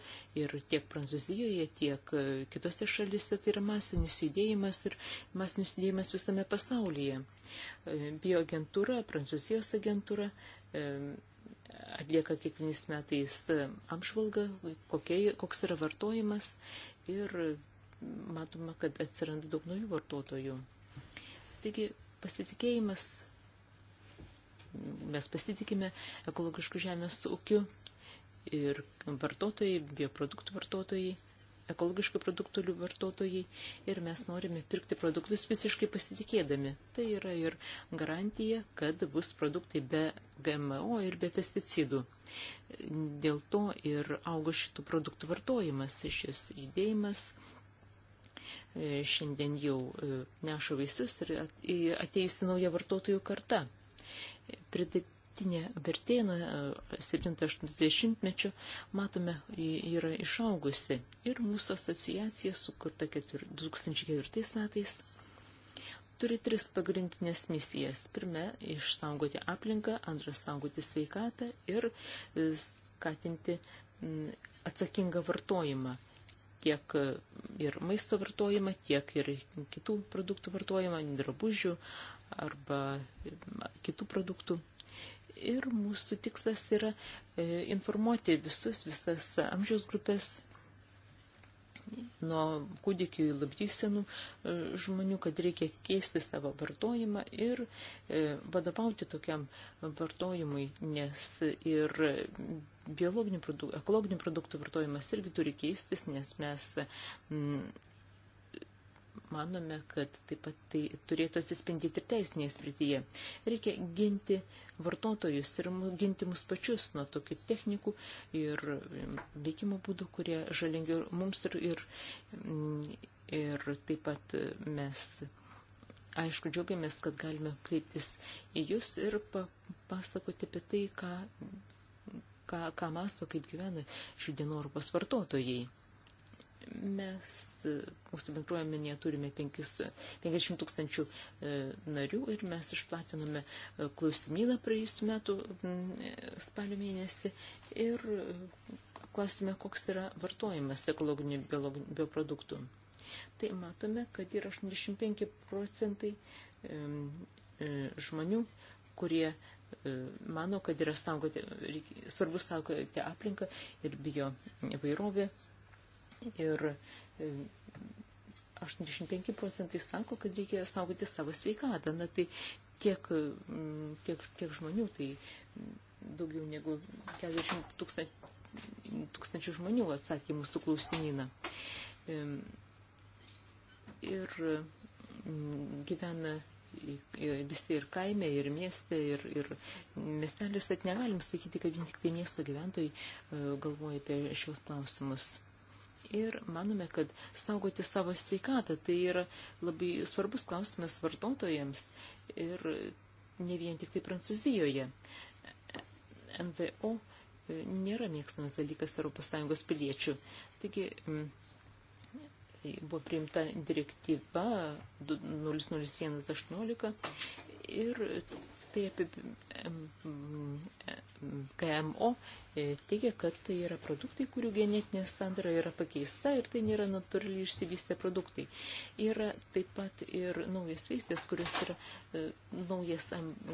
ir tiek Prancūzijoje, tiek e, kitose šalise tai yra masinis judėjimas ir masinis judėjimas visame pasaulyje. E, bioagentūra, Prancūzijos agentūra e, atlieka kiekvienais metais apžvalgą, kokie, koks yra vartojimas ir matoma, kad atsiranda daug naujų vartotojų. Taigi pasitikėjimas mes pasitikime ekologiškų žemės ūkių ir vartotojai, bioproduktų vartotojai ekologiškų produktų vartotojai ir mes norime pirkti produktus visiškai pasitikėdami. Tai yra ir garantija, kad bus produktai be GMO ir be pesticidų. Dėl to ir auga šitų produktų vartojimas, šis judėjimas. E, šiandien jau e, neša vaisius ir ateisi nauja vartotojų karta pridatinė vertė nuo 70-80-mečio, e, matome, yra išaugusi. Ir mūsų asociacija, sukurta 2004 metais, turi tris pagrindinės misijas. Pirme, išsaugoti aplinką, antras, saugoti sveikatą ir e, skatinti atsakingą vartojimą tiek e, ir maisto vartojimą, tiek ir kitų produktų vartojimą, drabužių, arba kitų produktų. Ir mūsų tikslas yra e, informuoti visus, visas amžiaus grupės nuo kūdikių į labdysenų e, žmonių, kad reikia keisti savo vartojimą ir e, vadovauti tokiam vartojimui, nes ir biologinių produktų, ekologinių produktų vartojimas irgi turi keistis, nes mes manome, kad taip pat tai turėtų atsispindyti ir teisinėje srityje. Reikia ginti vartotojus ir ginti mus pačius nuo tokių technikų ir mm, veikimo būdų, kurie žalingi mums ir, ir, mm, ir taip pat mes. Aišku, džiaugiamės, kad galime kreiptis į Jūs ir papasakoti apie tai, ką, ką, ką masto, kaip gyvena šių dienų Europos vartotojai. Mes mūsų bendruomenėje turime 5, 50 tūkstančių e, narių ir mes išplatinome e, klausimyną praėjusiu metu e, spalio mėnesį ir klausime, koks yra vartojimas ekologinių bioproduktų. Tai matome, kad yra 85 procentai žmonių, kurie mano, kad yra saugoti, svarbu saugoti aplinką ir bijo įvairovę, ir 85 e, procentai sako, kad reikia saugoti savo sveikatą. Na tai tiek, tiek, tiek žmonių, tai daugiau negu 40 tūkstančių, tūkstančių žmonių atsakė mūsų klausimyną. E, ir gyvena visi ir kaime, ir mieste, ir, ir miesteliuose negalim sakyti, kad vien tik tai miesto gyventojai e, galvoja apie šios klausimus ir manome, kad saugoti savo sveikatą tai yra labai svarbus klausimas vartotojams ir ne vien tik tai Prancūzijoje. NVO e, nėra mėgstamas dalykas ES piliečių. Taigi e, buvo priimta direktyva 00118 ir tai apie GMO teigia, kad tai yra produktai, kurių genetinė sandara yra pakeista ir tai nėra natūraliai išsivystę produktai. Yra taip pat ir naujas veistės, kuris yra e, naujas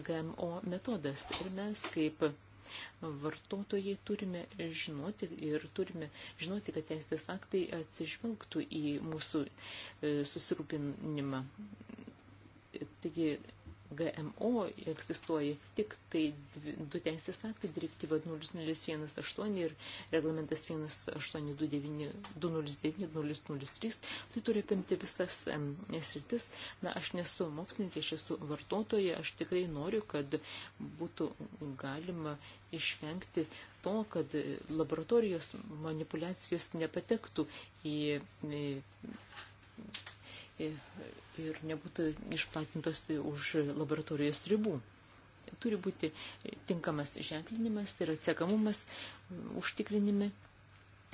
GMO metodas. Ir mes kaip vartotojai turime žinoti ir turime žinoti, kad teisės aktai atsižvelgtų į mūsų e, susirūpinimą. Taigi, GMO egzistuoja tik tai du teisės aktai, direktyva 0018 ir reglamentas 1829-2003, tai turi apimti visas sritis. Na, aš nesu mokslininkė, aš esu vartotoja, aš tikrai noriu, kad būtų galima išvengti to, kad laboratorijos manipulacijos nepatektų į, į ir nebūtų išplatintos už laboratorijos ribų. Turi būti tinkamas ženklinimas ir atsiekamumas užtikrinimi,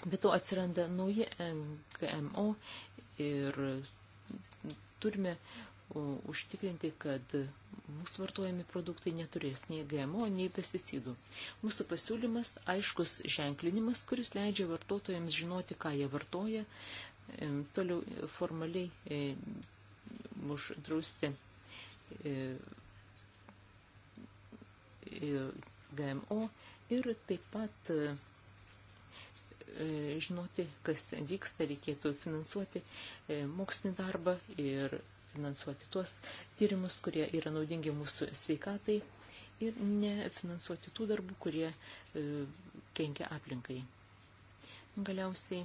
bet to atsiranda nauji NGMO ir turime užtikrinti, kad mūsų vartojami produktai neturės nei GMO, nei pesticidų. Mūsų pasiūlymas aiškus ženklinimas, kuris leidžia vartotojams žinoti, ką jie vartoja, E, toliau formaliai e, uždrausti e, GMO ir taip pat žinoti, kas vyksta, reikėtų finansuoti mokslinį darbą ir finansuoti tuos tyrimus, kurie yra naudingi mūsų sveikatai ir nefinansuoti tų darbų, kurie kenkia aplinkai. Galiausiai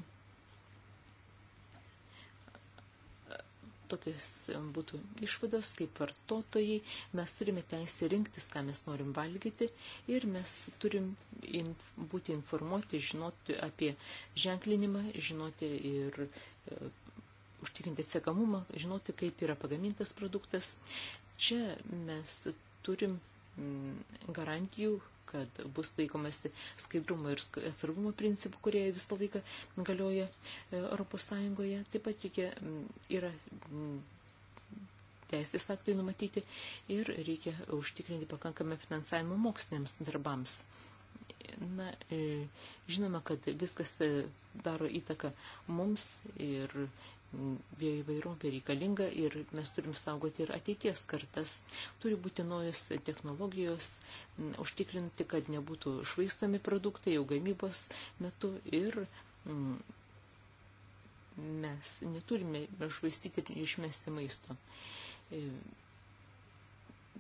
tokios būtų išvados, kaip vartotojai, mes turime teisę rinktis, ką mes norim valgyti ir mes turim in, būti informuoti, žinoti apie ženklinimą, žinoti ir e, užtikrinti atsekamumą, žinoti, kaip yra pagamintas produktas. Čia mes turim garantijų, kad bus laikomasi skaidrumo ir atsargumo principų, kurie visą laiką galioja e, Europos Sąjungoje. Taip pat reikia, yra teisės aktai numatyti ir reikia užtikrinti pakankamą finansavimą moksliniams darbams. Na, e, žinoma, kad viskas e, daro įtaką mums ir bioįvairovė reikalinga ir mes turim saugoti ir ateities kartas. Turi būti naujos technologijos, užtikrinti, kad nebūtų švaistami produktai jau gamybos metu ir mes neturime švaistyti ir išmesti maisto. E,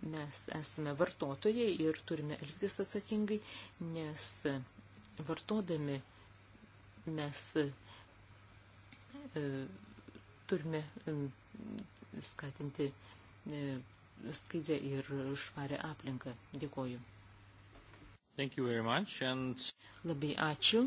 mes esame vartotojai ir turime elgtis atsakingai, nes vartodami mes e, Turime skatinti e, skaidrę ir švarę aplinką. Dėkoju. Thank you very much and... Labai ačiū.